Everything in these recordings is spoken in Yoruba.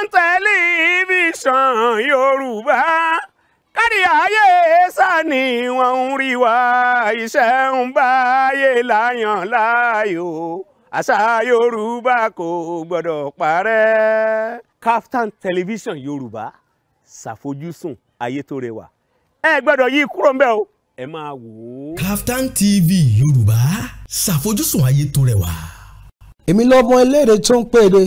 Kaftan Television Yorùbá kárí ayé sani wọ́n ń rí wa iṣẹ́ ń bá ayé láyàn láàyò àṣà Yorùbá kò gbọ́dọ̀ parẹ́. Kaftan Television Yorùbá ṣàfojúsùn ayé tó rẹwà ẹ gbọ́dọ̀ yí kúrò ń o ẹ máa wò ó. Kaftan TV Yorùbá ṣàfojúsùn ayé tó rẹwà. èmi lọ́mọ eléèrè tó ń pèrè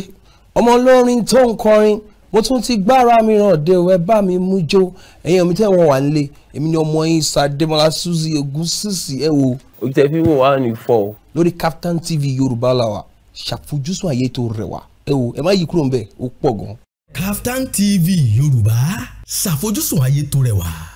ọmọ olórin tó ń kọrin mo tún ti gbára mi ràn ẹ bá mi mú jó ẹ̀yin omi tẹ́ wọ́n wà nílé èmi ni ọmọ yín Sàdémọ́lá Suzy Ògúnsìsì ẹ wo. ojú tẹ fi wò wá ní fọ lórí Kaftan TV Yorùbá la wà ṣàfojúsùn àyè tó rẹwà ẹ wo ẹ má yí kúrò ń bẹ ó pọ̀ gan. Kaftan TV Yorùbá ṣàfojúsùn àyè tó rẹwà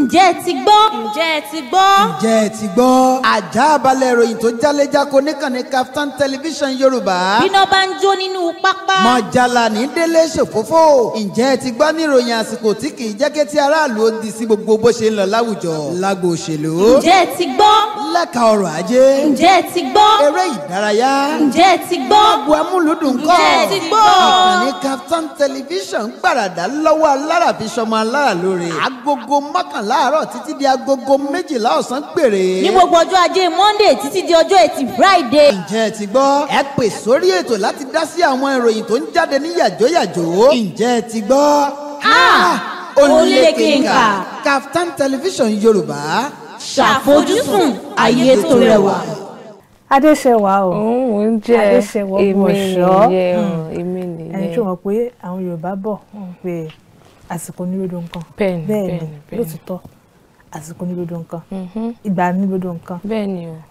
ǹjẹ́ ẹ ti gbọ́. ǹjẹ́ ẹ ti gbọ́. ǹjẹ́ ẹ ti gbọ́. àjà abalẹ̀ ìròyìn tó jáléjáko níkànnì Kaftan television yorùbá. bíná bá ń jó nínú pápá. mọ̀jàlá ní délé ṣòfófó. ǹjẹ́ ẹ ti gbọ́ ní ìròyìn àsìkò tí kì í jẹ́ kí ti aráàlú ó di sí gbogbo bó ṣe ń lọ láwùjọ. lágbo òṣèlú. ǹjẹ́ ẹ ti gbọ́. lẹ́ka ọrọ̀ ajé. ǹjẹ́ ẹ ti gbọ́. eré ìdárayá. ǹjẹ́ ẹ ti gbọ́. television gbàràdà lọ́wọ́ alára fi ṣọmọ alára lóore. agogo mọ́k mọ́kàn láàárọ̀ títí di agogo méjìlá ọ̀sán péré. ní gbogbo ọjọ́ ajé monday títí di ọjọ́ ẹtì friday. ǹjẹ́ ẹ ti gbọ́ ẹ pè sórí ètò láti dá sí àwọn ìròyìn tó ń jáde ní yàjóyàjó. ǹjẹ́ ẹ ti gbọ́. olùlé kínka television yorùbá ṣàfojúsùn ayé tó rẹwà. adéṣẹwà o òun ń jẹ adéṣẹwà ọmọ ọṣọ hmm. èmi nìyẹn èmi nìyẹn ẹni tí wọn pé àwọn yorùbá bọ pé àsìkò ní rodo nǹkan bẹ́ẹ̀ ni lótìtọ́ àsìkò ní rodo nǹkan mm-hmm. ìgbà ní rodo nǹkan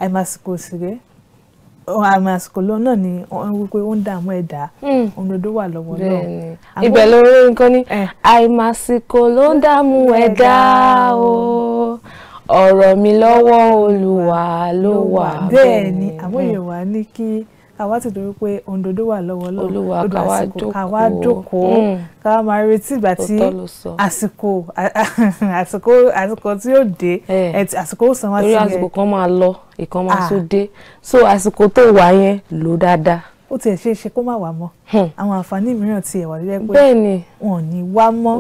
àìmọ àsìkò òsèré àmì àsìkò lọ náà ni wọn wípé ó ń dààmú ẹ̀dá mm. òdodo wà lọ́wọ́ náà. ibẹ̀ ló rí nǹkan ní eh. àìmàsìkò ló ń dààmú ẹ̀dá o ọ̀rọ̀ mi lọ́wọ́ Olúwa ló wà bẹ́ẹ̀ ni àmúyẹ̀wá ní kí káwa ti dúró pé òǹdodo wà lọ́wọ́ lọ́wọ́ odò àsìkò káwa jókòó káwa mm. máa retí ìgbà tí àsìkò àsìkò àsìkò tí yóò dé àsìkò ó sanwó sílẹ̀. torí àsìkò kan máa lọ ìkan máa tún dé so àsìkò tó wà yẹn lò dáadáa ó tiẹ̀ ṣe é ṣe kó má wà mọ́ hmm. àwọn àǹfààní mìíràn tiẹ̀ wà lórí ẹ pé wọn ò ní wá mọ́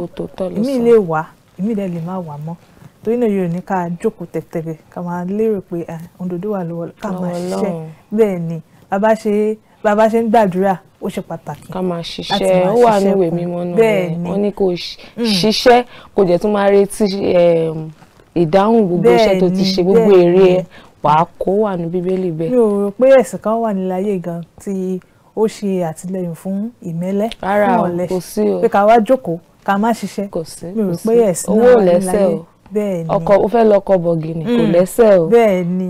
èmi lè wà èmi dẹ̀ lè má wà mọ́ torí náà yóò ní ká jókòó tẹ̀tẹ̀rẹ̀ ká máa lérò pé òǹdòdó wà lọ́wọ́ ká máa ṣiṣẹ́ bẹ́ẹ̀ ni bàbá ṣe bàbá ṣe ń gbàdúrà ó ṣe pàtàkì. ká máa ṣiṣẹ́ ó wà ní ìwé mímọ́ náà wọ́n ní kó mm. ṣiṣẹ́ kó jẹ́ tún máa retí ìdáhùn gbogbo iṣẹ́ tó ti ṣe gbogbo èrè ẹ̀ wàá kó wà ní bíbélì bẹ́ẹ̀. mi ò rò pé ẹ̀sìn kan wà nílẹ̀ ayé gan tí ó ṣe àtìlẹyìn fún ìmẹ́lẹ̀ fún ọ̀lẹ pé ká wá jókòó ká má ṣiṣẹ́ mi ò rò pé ẹ̀sìn náà wà nílẹ̀ bẹ́ẹ̀ni ọkọ o fẹ́ lọ ọkọ bọ̀gìnì kò mm. lẹ́sẹ̀ o bẹ́ẹ̀ni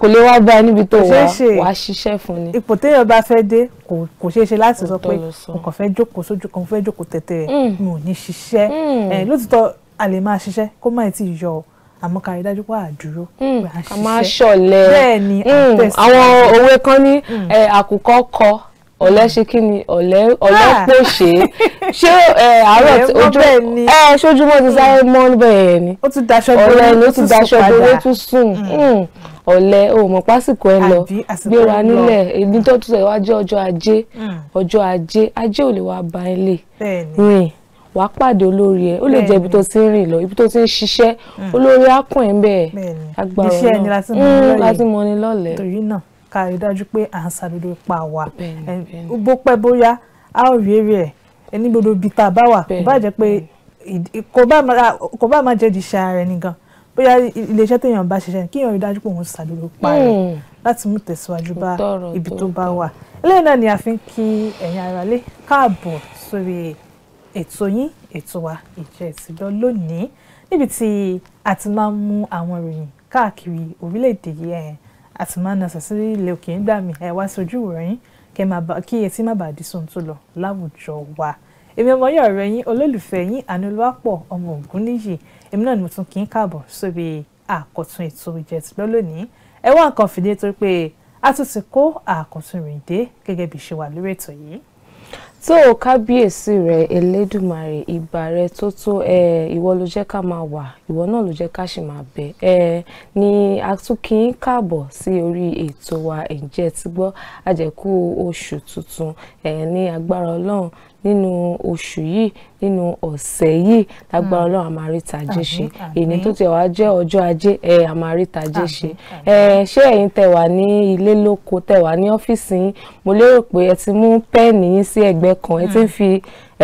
kò lè wá bá níbi tó wà wàá ṣiṣẹ́ fún ni. ipò téèyàn bá fẹ́ dé kò ṣeé ṣe láti sọ pé ọkàn fẹ́ jókòó sójú kan fẹ́ jókòó tẹ̀tẹ̀ rẹ̀ mm. mi ò ní ṣiṣẹ́ mm. lótìtọ́ a lè máa ṣiṣẹ́ kó má ti yọ ọ àmọ́ ká rí dájú pé àdúró pé a ṣiṣẹ́ àwọn òwe kan ní àkùkọ kọ ọ̀lẹ ṣe kí ni ọ̀lẹ ọ̀lẹ ah. pòṣe ṣé àárọ̀ ojú ẹ ṣojúmọ́ ti sáré mọ́ bẹ́ẹ̀ ni ọ̀lẹ ni ó ti daṣọ gbowó tún sùn mm. Mm. ọ̀lẹ o mọ̀ pásìkò ẹ lọ gbéra nílẹ̀ èyí tó tún ṣèwájú ọjọ́ ajé mm. ọjọ́ ajé ajé ò lè wá ba ẹ lè rìn wà á pàdé olórí ẹ ó lè jẹ ibi tó ti ń rìn lọ ibi tó ti ń ṣiṣẹ́ olórí á kùn ẹ bẹ́ẹ̀ agbára náà láti mọ ni lọ́lẹ̀ torí náà ká rí dájú pé à ń ṣàdúró pa wà bó pẹ́ bóyá a ó rí èrè ẹ̀ ní gbogbo ibi tá a bá wà kò bá jẹ́ pé kò bá má jẹ́ di iṣẹ́ ara ẹni gan bóyá iléeṣẹ́ téèyàn bá ṣiṣẹ́ kíyàn rí dájú pé òun ṣàdúró pa rẹ̀ hmm. láti mú tẹ̀síwájú bá ibi tó bá wà eléyìí náà ni a fi ń kí ẹ̀yin ará lé káàbọ̀ sórí ètò yín ètò wa ìjẹ́ ìtìlọ́ lónìí níbi tí a ti máa ń mú àwọn ìròyìn káàkiri orílẹ̀-èdè yìí ẹ̀yìn àtìmánà sàṣírí ilé òkè ń gbà mí ẹ wá sí ojú ìwòran yín kí etí má bàa di sóhun tó lọ láwùjọ wa èmi ọmọ yóò rẹ yín olólùfẹ́ yín ànúlùwàpọ̀ ọmọ Ògúnníyì èmi náà ni mo tún kí n káàbọ̀ sóbi àkọ̀tun ètò ìjẹtìlọ́ lónìí ẹ wá nǹkan fìdí torí pé a tún ti kó àkọ̀tun rìn dé gẹ́gẹ́ bí ṣe wà lórí ètò yìí tó o kábíyèsí rẹ elédùmarè ìbà rẹ tó tó ìwọ ló jẹ́ ká máa wà ìwọ náà ló jẹ́ ká sì máa bẹ ní atúnkìn káàbọ̀ sí orí ètò wa ǹjẹ́ ti gbọ́ àjẹkù oṣù tuntun ní agbára Ọlọ́run nínú oṣù yìí nínú ọ̀sẹ̀ yìí lágbára hmm. ọlọ́run a máa rí tajé ṣe èyí tó ti wá jẹ́ ọjọ́ ajé ẹ a máa rí tajé ṣe ẹ ṣé ẹ̀yin tẹ́ wà ní ilé lóko tẹ́ wà ní ọ́fíìsì yín mo lérò pé ẹ ti mú pẹ́ẹ̀nì yín sí ẹ̀gbẹ́ kan ẹ ti ń hmm. fi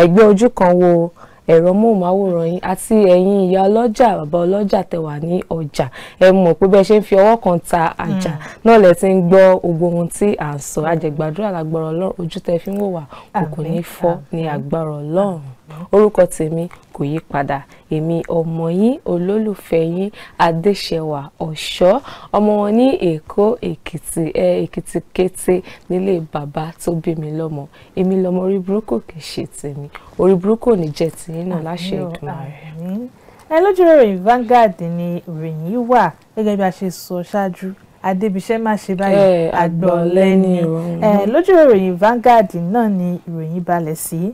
ẹ̀gbẹ́ ojú kan wo ẹ̀rọ móhùnmáwòrán yín àti ẹ̀yin ìyá ọlọ́jà bàbá ọlọ́jà tẹ̀wà ní ọjà ẹ mọ̀ pé bẹ́ẹ̀ ṣe ń fi ọwọ́ kan ta àjà hmm. náà lẹ ti ń gbọ́ gbogbo ohun tí à ń sọ àjẹgbàdúrà lágbára ọlọ́run ojú tẹ fi ń wò wá kò ní fọ́ ní agbára ọlọ́run orúkọ tèmi kò yí padà èmi ọmọ yín olólùfẹ́ yín adéṣẹwà ọ̀ṣọ́ ọmọ wọn ní èkó èkìtì ẹ èkìtì kété nílé bàbá tó bí mi lọ́mọ èmi lọ́mọ orí burúkú kì í ṣe tèmi orí burúkú ò ní jẹ́ tìyín náà láṣẹ ìdùnnú rẹ̀. ẹ lójú ìròyìn Vanguard ni ìròyìn yìí wà gẹ́gẹ́ bí a ṣe sọ ṣáájú adébíṣẹ́ má ṣe báyìí àgbọ̀n lẹ́ni lójú ìròyìn Vanguard náà ni ìròyìn balẹ̀ sí. Si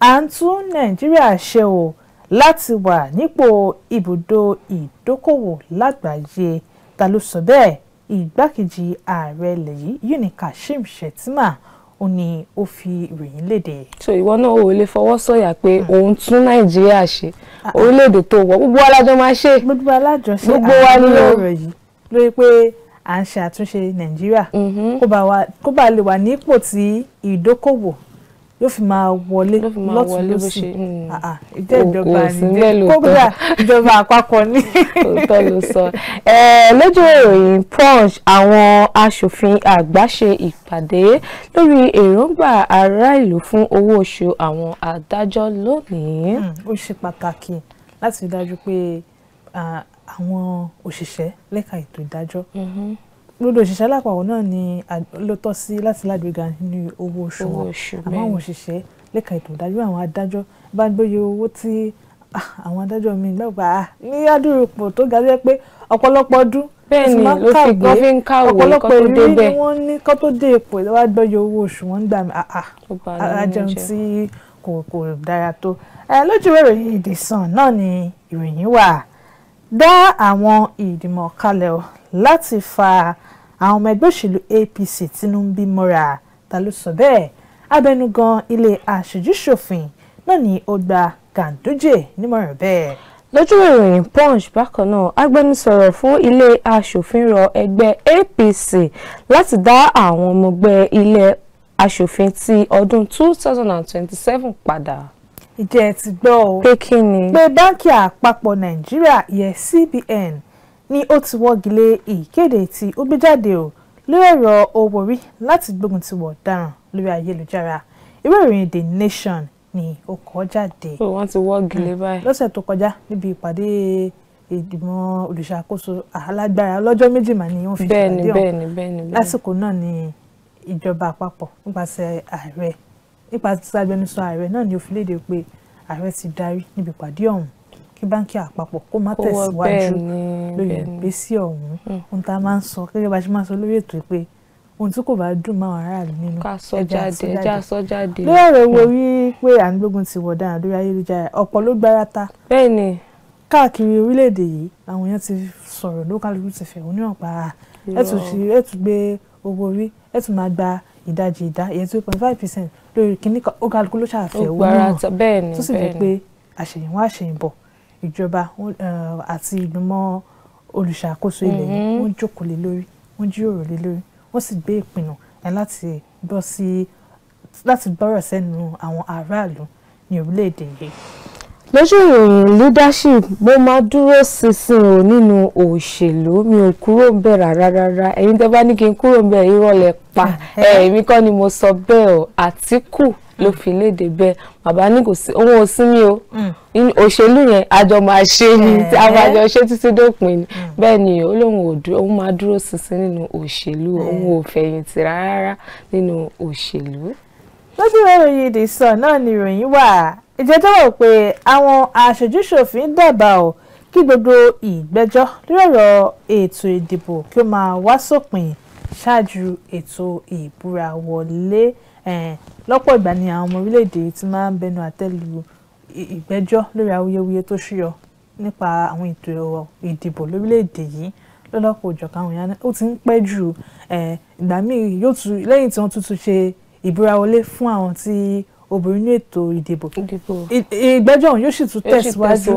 à ń tún nàìjíríà ṣe o láti wà nípò ibùdó ìdókòwò lágbàáyé ta ló sọ bẹ́ẹ̀ ìgbákejì ààrẹ ilẹ̀ yìí Yini Kashim Shettima ó ní ó fi ìròyìn léde. so ìwọ náà ò lè fọwọ́ sọ̀yà pé hmm. òun tún nàìjíríà ṣe ah, ah. orílẹ̀-èdè tó wọ̀ gbogbo alájọ máa ṣe gbogbo alájọ ṣe gbogbo wa nílò ọ̀rọ̀ yìí lórí pé à ń ṣe àtúnṣe nàìjíríà mm-hmm. kó bá lè wà nípò tí ìdókòwò yóò fi máa wọlé lọ́tún lọ́sì hmm. ah, ah, ìjẹ́ ìjọba nìjẹ́ kódà ìjọba àpapọ̀ ní. òótọ́ ló sọ eh, lójú ìròyìn punch àwọn aṣòfin àgbà ṣe ìpàdé lórí èròǹgbà ará ìlú fún owó oṣù àwọn adájọ́ lónìí. Hmm, ó ṣe pàtàkì láti rí dájú pé ah, àwọn òṣìṣẹ́ lẹ́ka ètò ìdájọ́ mm-hmm gbogbo òṣìṣẹ́ lápapọ̀ náà ni ló tọ́ sí láti ládùúgbà ní owó oṣù wọn àmọ́ àwọn òṣìṣẹ́ lẹ́ka ètò ìdájọ́ àwọn adájọ́ bá gbóye owó tí àwọn adájọ́ mi gbàgbà ní adúrúpò tó ga jẹ́ pé ọ̀pọ̀lọpọ̀ ọdún bẹ́ẹ̀ni ló fi gbọ́ fi ń káwé ọ̀pọ̀lọpọ̀ ìrírí ni wọ́n ní kó tó dé ipò ìwà gbọ́yọ owó oṣù wọn gbà mí ajẹun tí kò kò dára tó lójú ìròyìn The Sun náà ni ìròyìn wà dá àwọn ìdìmọ̀ kalẹ̀ láti fa àwọn ọmọ ẹgbẹ́ òṣèlú APC tínú ń bí mọ́ra ta ló sọ bẹ́ẹ̀ abẹnugan ilé aṣojúṣòfin náà ni ó gba Ganduje nímọ̀ràn bẹ́ẹ̀ lójú ìròyìn punch bákan náà agbẹnusọ̀rọ̀ fún ilé aṣòfin rọ ẹgbẹ́ APC láti dá àwọn ọmọọgbẹ́ ilé aṣòfin ti ọdún 2027 padà. ìjẹ́ ti gbọ́ o pé kí ni pé báńkì àpapọ̀ nàìjíríà yẹ CBN ni ó ti wọ́gi lé ìkéde tí ó gbé jáde o lórí ẹ̀rọ owó orí láti gbógun ti wọ̀ ọ̀daràn lórí ayélujára ìwé ìròyìn The Nation ni ó kọ jáde. ó wọ́n ti wọ́gi lé hmm. báyìí. lọ́sẹ̀ tó kọjá níbi ìpàdé ìgbìmọ̀ olùṣàkóso alágbára ọlọ́jọ́ méjì mà ni wọ́n fi ìpàdé ọ̀hún lásìkò náà ni ìjọba àpapọ̀ nípasẹ̀ ààrẹ nípasẹ̀ agbẹnusọ ààrẹ náà ni ó fi léde pé ààrẹ ti darí níbi ìpàdé ọ̀hún kí báńkì àpapọ̀ kó má tẹ̀síwájú lórí ìgbésí ọ̀hún hmm. ohun tá a máa ń sọ gẹ́gẹ́ bá a ṣe máa ń sọ lórí ètò pé ohun tí kò bá dùn máa aráàlú nínú ẹja sọ jáde lórí ọ̀rọ̀ owó rí hmm. pé à ń gbógun ti wọ̀ dáhùn lórí ayélujára ọ̀pọ̀ ló gbára ta káàkiri orílẹ̀-èdè yìí àwọn èèyàn ti sọ̀rọ̀ lókàlùkù ti fẹ̀hónú hàn pa ah, ẹ̀ tún gbé owó rí ẹ̀ máa gba ìdajì ìdá ìyẹn two point five percent lórí kìnnìkan ó kálukú ló ṣàfẹ́ owó náà tó sì jẹ́ pé àṣèyìnwá àṣèyìnbọ̀ ìjọba àti ìgbìmọ̀ olùṣàkóso ilẹ̀ yìí mm-hmm. wọ́n jókòó lé lórí wọ́n jíròrò lé lórí wọ́n sì gbé ìpinnu láti bọ́ sí láti gbọ́rọ̀ sẹ́nu àwọn aráàlú ní orílẹ̀-èdè yìí lójú ìròyìn leadership mo máa dúró ṣinṣin o nínú òṣèlú mi ò kúrò ń bẹ̀ rárá rárá ẹ̀yin tẹ́ bá ní kí n kúrò ń bẹ̀ ìrọ̀lẹ́ pa ah, èmi kọ́ ni mo sọ bẹ́ẹ̀ o Àtíkù ló mm. fi léde bẹ́ẹ̀ bàbá ní kò sí òun ò sinmi o mm. òṣèlú yẹn àjọ máa ṣe ni tí a bá jọ ṣe títí dópin ni mm. bẹ́ẹ̀ ni ó lóun ò dúró òun máa dúró ṣinṣin nínú òṣèlú òun ò fẹ̀yìntì rárá nínú òṣèlú. lójú ìròyìn The Sun náà ni ìròyìn wà ìjẹ́jọ́ pé àwọn aṣojúṣòfin dábàá ọ̀ kí gbogbo ìgbẹ́jọ́ lórí ọ̀rọ̀ ètò ìdìbò kí ó máa wá sópin ṣáájú ètò ìbúra wọlé lọ́pọ̀ ìgbà ni àwọn ọmọ orílẹ̀-èdè ti máa ń bẹnu àtẹ́lu ìgbẹ́jọ́ lórí awuyewuye tó ṣúyọ nípa àwọn ètò ìdìbò lórílẹ̀-èdè yìí lọ́lọ́pọ̀ òjọ̀ká àwọn èèyàn ó ti ń pẹ́ jù ìgbà míì yóò tún lẹ́yìn tí wọ́n tún tún ṣe ìbúra wọlé fún àwọn tí obìnrin ní ètò ìdìbò ìgbẹ́jọ́ ọ̀hún yóò sì tún tẹ̀síwájú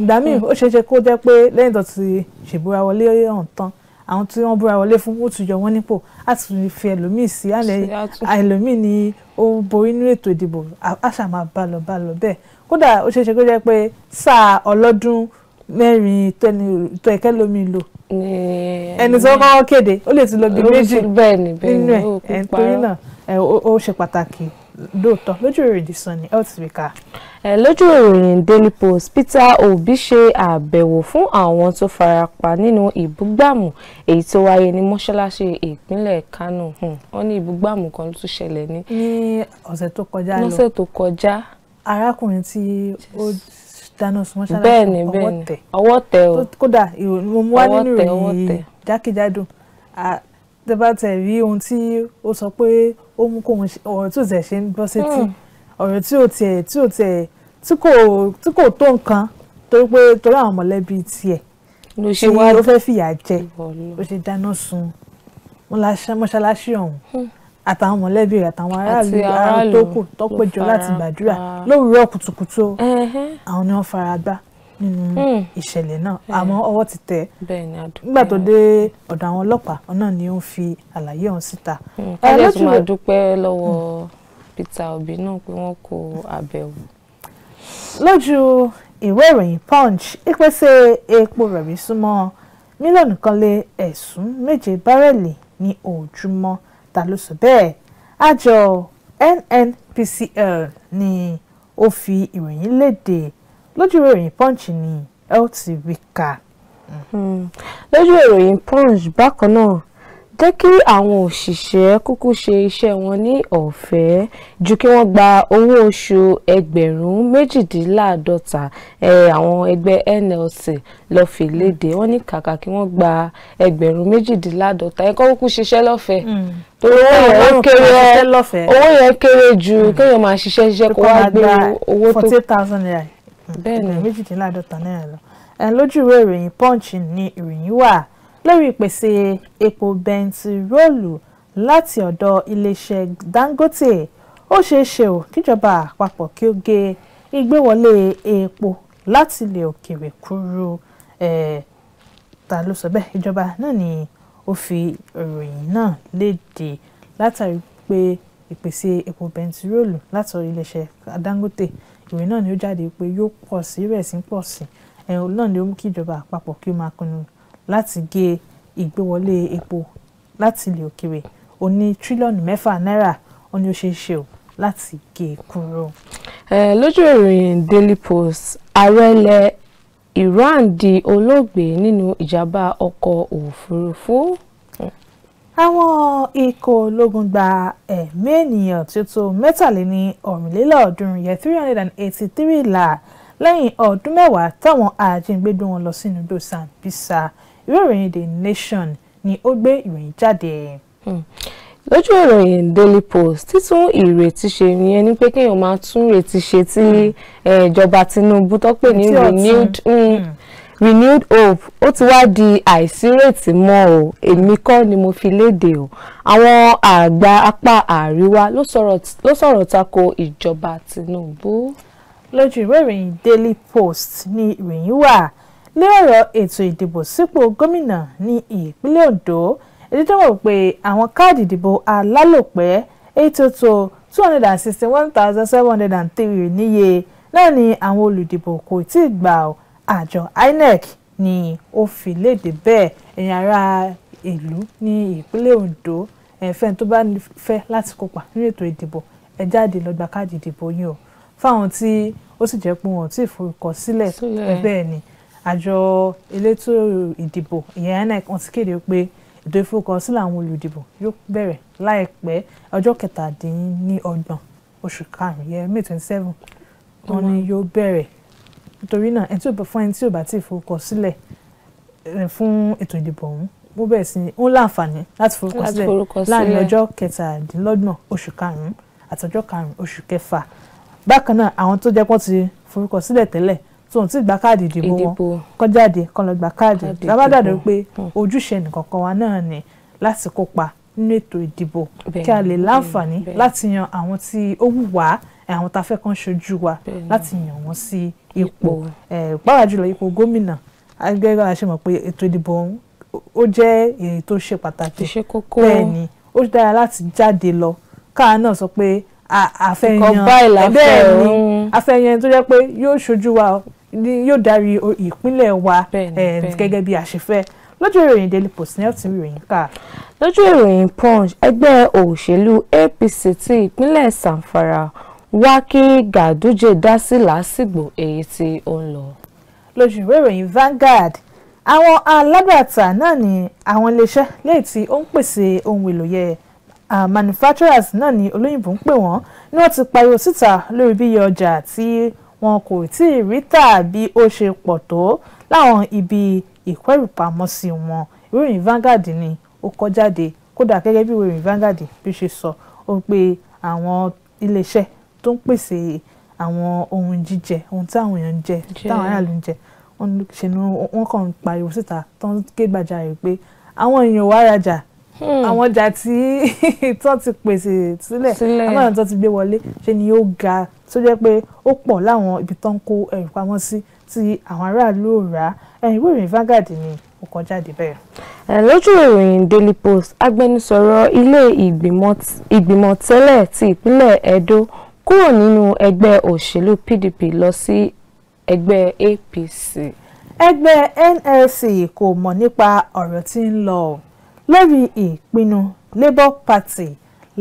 ìgbà míì hmm. ó ṣeé ṣe kó jẹ́ pé lẹ́yìn tó ti ṣèbúra wọlé ọ̀hún tán àwọn tí wọ́n búra wọlé fún ó tún yọ wọ́n nípò á tún fi ẹlòmíì sí àlẹ́ ẹlòmíì ni ó borí nínú ètò ìdìbò á ṣà máa bá lọ bá lọ bẹ́ẹ̀ kódà ó ṣeé ṣe kó jẹ́ pé sáà ọlọ́dún mẹ́rin tó ẹ̀kẹ́ lómi lò ẹni tí wọ́n kọ́kọ́ kéde ó lè ti lọ bí méjì nínú ẹ̀ nítorí náà ó ṣe pàtàkì lóòótọ́ lójú ìròyìn The Sun ni health speaker. ẹ lójú ìròyìn Daily Post Peter Obi ṣe àbẹ̀wò fún àwọn tó farapa nínú ìbúgbàmù èyí tó wáyé ní mọ́ṣáláṣí ìpínlẹ̀ Kánò hmm, wọ́n ní ìbúgbàmù kan ló tún ṣẹlẹ̀ ní. ní ọ̀sẹ̀ tó kọjá lọ lọ́sẹ̀ tó kọjá. arákùnrin tí ó dáná sun mọ́ṣáláṣí ọwọ́ tẹ̀ ọwọ́ tẹ̀ o kódà ìròyìn mo wá nínú ìròyìn jákèjádò tẹ bá tẹ rí ohun tí ó sọ pé ohunkóhun ọ̀rọ̀ tí ò tiẹ̀ ṣe ń bọ́ sétí hmm. ọ̀rọ̀ tí ò tiẹ̀ tí ò tiẹ̀ tí kò tí kò tó nǹkan torí pé torí àwọn mọ̀lẹ́bí tiẹ̀ ló ṣe wá ló fẹ́ fìyà jẹ ló ṣe dáná sun mọ́ṣáláṣí ọ̀hún hmm. àtàwọn mọ̀lẹ́bí rẹ̀ àtàwọn aráàlú aráàlú tó kù tó láti gbàdúrà lówùúrọ̀ kùtùkùtù àwọn ni wọ́n fara gbá nínú hmm. ìṣẹ̀lẹ̀ náà hmm. àmọ́ ọwọ́ ti tẹ̀ nígbà tó dé ọ̀dọ̀ àwọn ọlọ́pàá ọ̀nà ni ó ń fi àlàyé ọ̀hún síta. Hmm. kájọ tó máa dúpẹ́ lọ́wọ́ Peter Obi náà pé wọ́n kó àbẹ̀wò. lójú ìwé ìròyìn Punch ìpèsè epo rọ̀bì súnmọ́ mílíọ̀nù kan lé ẹ̀sùn méje bárẹ́lì ní òjúmọ́ ta ló sọ bẹ́ẹ̀ àjọ NNPCL ni ó fi ìròyìn léde lójú ìròyìn punch ni health wíkà. Hmm. lójú ìròyìn punch bákan náà jẹ́ kí àwọn òṣìṣẹ́ kúkú ṣe iṣẹ́ wọn ní ọ̀fẹ́ ju kí wọ́n gba owó oṣù ẹgbẹ̀rún méjìdínláàádọ́ta àwọn ẹgbẹ́ NLC lọ́ọ́ fi léde wọ́n ní kàkà kí wọ́n gba ẹgbẹ̀rún méjìdínláàádọ́ta ẹ̀kọ́ kúkú ṣiṣẹ́ lọ́fẹ̀ẹ́ hmm. torí owó yẹn kéré owó yẹn kéré ju kéèyàn máa ṣiṣẹ́ ṣiṣẹ́ kó wá gbé owó tó forty thousand naira bẹ́ẹ̀ni méjìdínláàádọ́ta náírà lọ lójú ìwé ìròyìn punch ni ìròyìn wà lórí ìpèsè epo bẹntiróòlù láti ọ̀dọ̀ iléeṣẹ́ Dangote ó ṣeé ṣe ò kíjọba àpapọ̀ kí ó gé ìgbéwọlé epo láti ilẹ̀ òkèèrè kúrú ta ló sọ bẹ́ẹ̀ ìjọba náà ni ó fi ìròyìn náà léde látàrí pé ìpèsè epo bẹntiróòlù láti ọ̀dọ̀ iléeṣẹ́ Dangote ìwé náà ni ó jáde pé yóò pọ̀ sí bẹ́ẹ̀ sí pọ̀ sí ẹ̀hún náà ni ó mú kí ìjọba àpapọ̀ kí ó máa pinnu láti gé ìgbéwọlé epo láti ilẹ̀ òkèèrè ó ní tírílíọ̀nù mẹ́fà náírà ó ní ó ṣeé ṣe o láti gé e kúrò. lójú ìròyìn Daily Post ààrẹ ilẹ̀ Iran di olóògbé nínú ìjàmbá ọkọ̀ òfurufú àwọn ikọ̀ ológun gba ẹ̀mí ènìyàn tí ó tó mẹ́tàléní ọ̀rìnlélọ́ọ̀ọ́dúnrún yẹn three hundred and eighty three là lẹ́yìn ọdún mẹ́wàá táwọn ajínigbé gbé wọn lọ sínú igbó Sambisa ìwé ìròyìn The Nation ni ó gbé ìròyìn jáde. Hmm lójú ìròyìn daily post títún ìrètí ṣe ìyẹn ni pé kéèyàn máa tún ìrètí ṣe tí hmm. eh, ìjọba Tinubu tó pè ní renewed hmm, hmm renewed hope ó ti wá di àìsírètí mọ́ o èmi kọ́ ni mo fi léde o àwọn àgbà apá àríwá ló sọ̀rọ̀ tako ìjọba Tinubu. lójú ìwé ìròyìn Daily Post ni ìròyìn wà lé ọ̀rọ̀ ètò ìdìbò sípò gómìnà ní ìpínlẹ̀ Ondo èdè tó mọ̀ pé àwọn káàdì ìdìbò alálòpẹ́ ètò tó two hundred and sixty one thousand seven hundred and three níye náà ni àwọn olùdìbò kò tí ì gbà ọ́ àjọ INEC ni ó fi léde bẹ́ẹ̀ ẹ̀yin ará ìlú ní ìpínlẹ̀ Ondo ẹ̀fẹ́ni tó bá fẹ́ láti kópa nínú ètò ìdìbò ẹ jáde lọ gba káàdì ìdìbò yín o fáwọn tí ó sì jẹ́ pé wọn ò tí ì forúkọ sílẹ̀ bẹ́ẹ̀ ni àjọ elétò ìdìbò ìyẹn INEC wọ́n ti kéde pé ètò ìforúkọsílẹ̀ àwọn olùdìbò yóò bẹ̀rẹ̀ láìpẹ́ ọjọ́ kẹtàdínní ọgbọ̀n oṣù karùn-ún yẹn May twenty seven wọ́n ní yóò bẹ̀rẹ̀ nítorí náà ẹni tí ò bá fún ẹni tí ò bá ti forúkọ sílẹ̀ eh, fún ètò ìdìbò ọ̀hún bó bẹ́ẹ̀ sí ó láǹfààní láti forúkọ sílẹ̀ láàrin ọjọ́ kẹtàdínlọ́gbọ̀n oṣù karùn-ún àti ọjọ́ karùn-ún oṣù kẹfà bákan náà àwọn tó jẹ́ pọ́n ti forúkọ sílẹ̀ tẹ́lẹ̀ tó ń tí gba káàdì ìdìbò wọn kọ́ jáde kọ́ lọ gba káàdì lábàdàdé pé hmm. ojúṣe nìkọ̀ọ̀kan wa náà ni láti kópa nínú ètò ìdìbò kí a lè láǹfààní láti yan àwọn tí ó wù wá àwọn tá a fẹ́ kàn ṣojú wa láti yàn wọ́n sí ipò pàápàá jùlọ ipò gómìnà agbẹ́gbẹ́ wa ṣe mọ̀ pé ètò ìdìbò ó jẹ́ èyí tó ṣe pàtàkì bẹ́ẹ̀ ni ó dára láti jáde lọ káà náà sọ pé àfẹ́yàn bẹ́ẹ̀ ni àfẹ́yàn tó jẹ́ pé yóò ṣojú wa yóò darí ìpínlẹ̀ wa gẹ́gẹ́ bí a ṣe fẹ́ lójú ìròyìn daily post ní ọ̀tún ìròyìn kà. lójú ìròyìn punch ẹgbẹ́ òṣèlú APC ti ìpínlẹ̀ Zamfara wá kí Gàdújẹ dá sí làásìgbò èyí tí ó ń lọ. lójú ìwé ìròyìn Vanguard àwọn alábàtà náà ni àwọn iléeṣẹ́ léyìí tí ó ń pèsè ohun èlò yẹ manufacturers náà ni olóyìnbó ń pè wọ́n ni wọ́n ti pariwo síta lórí bí ọjà tí wọn kò tí ì rí tà bí ó ṣe pọ̀ tó láwọn ibi ìkẹ́rùpamọ́sí wọn ìròyìn Vanguard ni ó kọ jáde kódà gẹ́gẹ́ bí ìròyìn Vanguard bí ó ṣe sọ ó pé àwọn iléeṣẹ́ tó ń pèsè àwọn ohun jíjẹ ohun tí àwọn èèyàn ń jẹ táwọn aráàlú ń jẹ wọ́n ṣe ni wọ́n kàn ń pariwo síta tó ń ké gbàjarè pé àwọn èèyàn wá rajà hmm. àwọn ọjà tí tó ti pèsè sílẹ̀ àwọn ọjà tó ti gbé wọlé ṣe ni ó ga tó jẹ́ pé ó pọ̀ láwọn ibi tó ń kó ẹrù pamọ́ sí tí àwọn aráàlú ò rà ẹ̀yìn ìwé ìròyìn Vanguard ni ó kọ jáde bẹ́ẹ̀. lójú ìròyìn Daily Post agbẹnusọ̀rọ̀ ilé ìgbìmọ̀ tẹ́lẹ̀ ti ìpínlẹ̀ Edo kúrò nínú ẹgbẹ́ òṣèlú PDP lọ sí ẹgbẹ́ APC. ẹgbẹ́ NLC kò mọ̀ nípa ọ̀rọ̀ tí ń lọ lórí ìpinnu Labour Party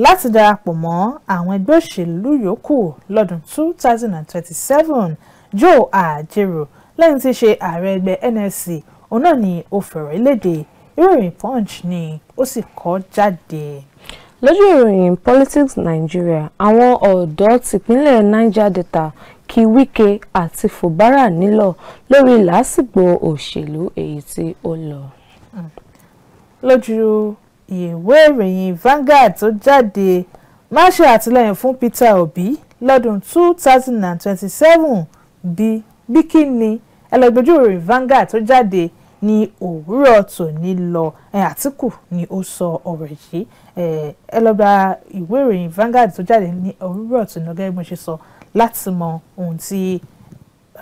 láti darapọ̀ mọ́ àwọn ẹgbẹ́ òṣèlú yòókù lọ́dún 2027 Joe Ajero lẹ́yìn tí í ṣe ààrẹ ẹgbẹ́ NLC òun náà ni ó fẹ̀rẹ̀ léde ìròyìn Punch ni ó sì kọ jáde lójú ìròyìn politics Nigeria àwọn ọ̀dọ́ tìpínlẹ̀ Niger Delta kí Wike àti Fubara nílọ̀ lórí làásìgbò òṣèlú èyí tí ó lọ. lójú ìwé ìròyìn Vanguard tó jáde má ṣe àtìlẹ́yìn fún Peter Obi lọ́dún two thousand and twenty-seven bíi ni ẹlẹgbẹjú ìròyìn Vanguard tó jáde ní òwúrọ̀ tòní lọ Àtíkù ni ó sọ ọ̀rọ̀ yìí ẹ lọ gba ìwé ìròyìn Vanguard tó jáde ní òwúrọ̀ tòun náà gẹ́gẹ́ bí mo ṣe sọ láti mọ ohun tí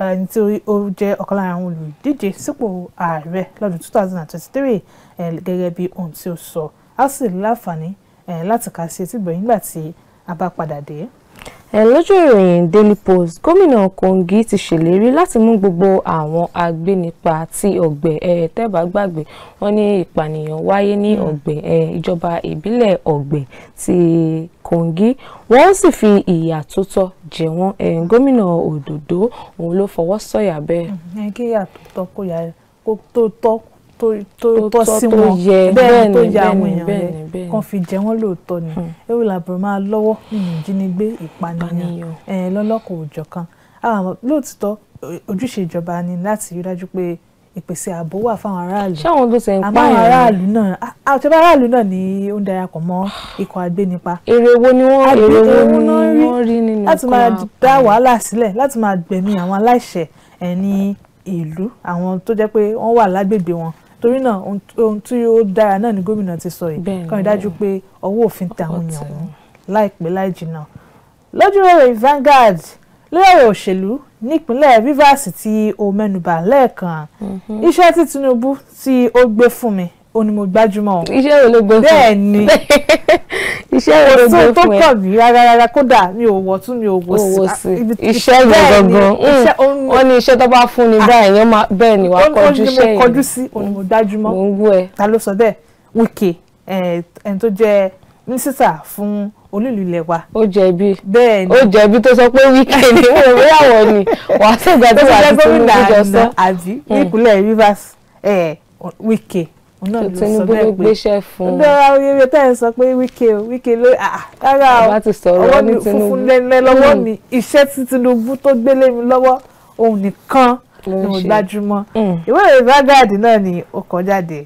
ẹni ó jẹ́ ọ̀kan lára àwọn olùdíje sípò ààrẹ lọ́dún 2023 gẹ́gẹ́ bí ohun tí ó sọ a sì láǹfààní láti kà sí etí ìgbọ̀nyìn nígbà tí a bá padà dé ẹ lójú ìròyìn Daily Post gómìnà Kogi ti ṣèlérí láti mú gbogbo àwọn agbénipa ti ọ̀gbẹ̀ ẹ tẹ́bà gbàgbé wọ́n ní ìpànìyàn wáyé ní hmm. ọ̀gbẹ̀ ẹ ìjọba ìbílẹ̀ ọ̀gbẹ̀ ti Kogi wọ́n sì fi ìyà tó tọ́ jẹ wọ́n ẹ hmm. gómìnà Òdòdó òun ló fọwọ́ sọ̀yà bẹ́ẹ̀. Hmm. ẹ kí ìyà tó tọ́ kó tó tọ́ tó tó tọ́ sí wọn bẹ́ẹ̀ ni tó ya àwọn èèyàn rẹ̀ kàn fi jẹ wọ́n lóòótọ́ ni hmm. ewu làbúrò máa lọ́wọ́ nínú hmm, ìjínigbé ìpànìyàn lọ́lọ́kọ̀ òòjọ́ kan ah, lóòótọ́ ojúṣe ìjọba ni láti rí dájú pé ìpèsè ààbò wà fáwọn aráàlú ṣáwọn ló ṣe ń pa àwọn aráàlú náà àtẹ̀bá ah, ah, aráàlú náà ni ó ń darapọ̀ mọ́ ikọ̀ agbénipa. èrè wo ni wọ́n èrè wo ni wọ́n rí nínú láti máa dá wàhálà sílẹ̀ láti máa gbẹ̀mí àwọn aláìṣẹ̀ ẹ̀ ní ìlú àwọn tó jẹ́ pé wọ́n wà lágbègbè wọn torí náà ohun tí ó dára náà ni gómìnà ti sọ yìí kàn dájú pé ọwọ́ òfin tẹ àwọn èèyàn wọn láìpẹ́ láì jìnnà lójúròrò Vanguard lórí ọ̀rọ̀ òṣèlú nípínlẹ̀ Rivers tí o mẹ́nubà lẹ́ẹ̀kan mhm. iṣẹ́ tí Tinubu tí ó gbé fún mi ó mo gbájúmọ́. iṣẹ́ wo ló gbé fún bẹ́ẹ̀ ni iṣẹ́ wo ló gbé fún ẹ. kò sóò tó kàn mí rárá rárá kódà mi ò wọ̀ tún mi ò wò sí. Ah, iṣẹ́ mi gangan hmm. wọ́n ní iṣẹ́ tó bá fún ni ah. báyìí yẹn máa bẹ́ẹ̀ ni wàá kọjú iṣẹ́ yẹn. mo kọjú sí ó ní mo gbájúmọ́. mo ń gbọ́ ẹ. ta ló sọ bẹ́ẹ̀ Wike ẹni tó jẹ́ mínísítà fún olúlu ilẹ̀ wa. ó jẹ̀bi ó jẹ̀bi tó sọ pé Wike ni wọ́n rí àwọn ni wàá sọ̀gbà tó wà ní Tinubu jọ sọ. àbí ní hmm. Wike tó Tinubu ló gbéṣẹ́ fún un. ndọ́ra oyèrè tẹ́ ẹ̀ sọ pé wíkẹ́ o wíkẹ́ ló ah, rárá o ọwọ́ mi funfun lẹ́lẹ́ lọ́wọ́ mi hmm. iṣẹ́ tí Tinubu tó gbélé mi lọ́wọ́ òun nìkan ni mo gbájúmọ́ hmm. ìwé ìròyìn Vanguard náà ni ó kọ jáde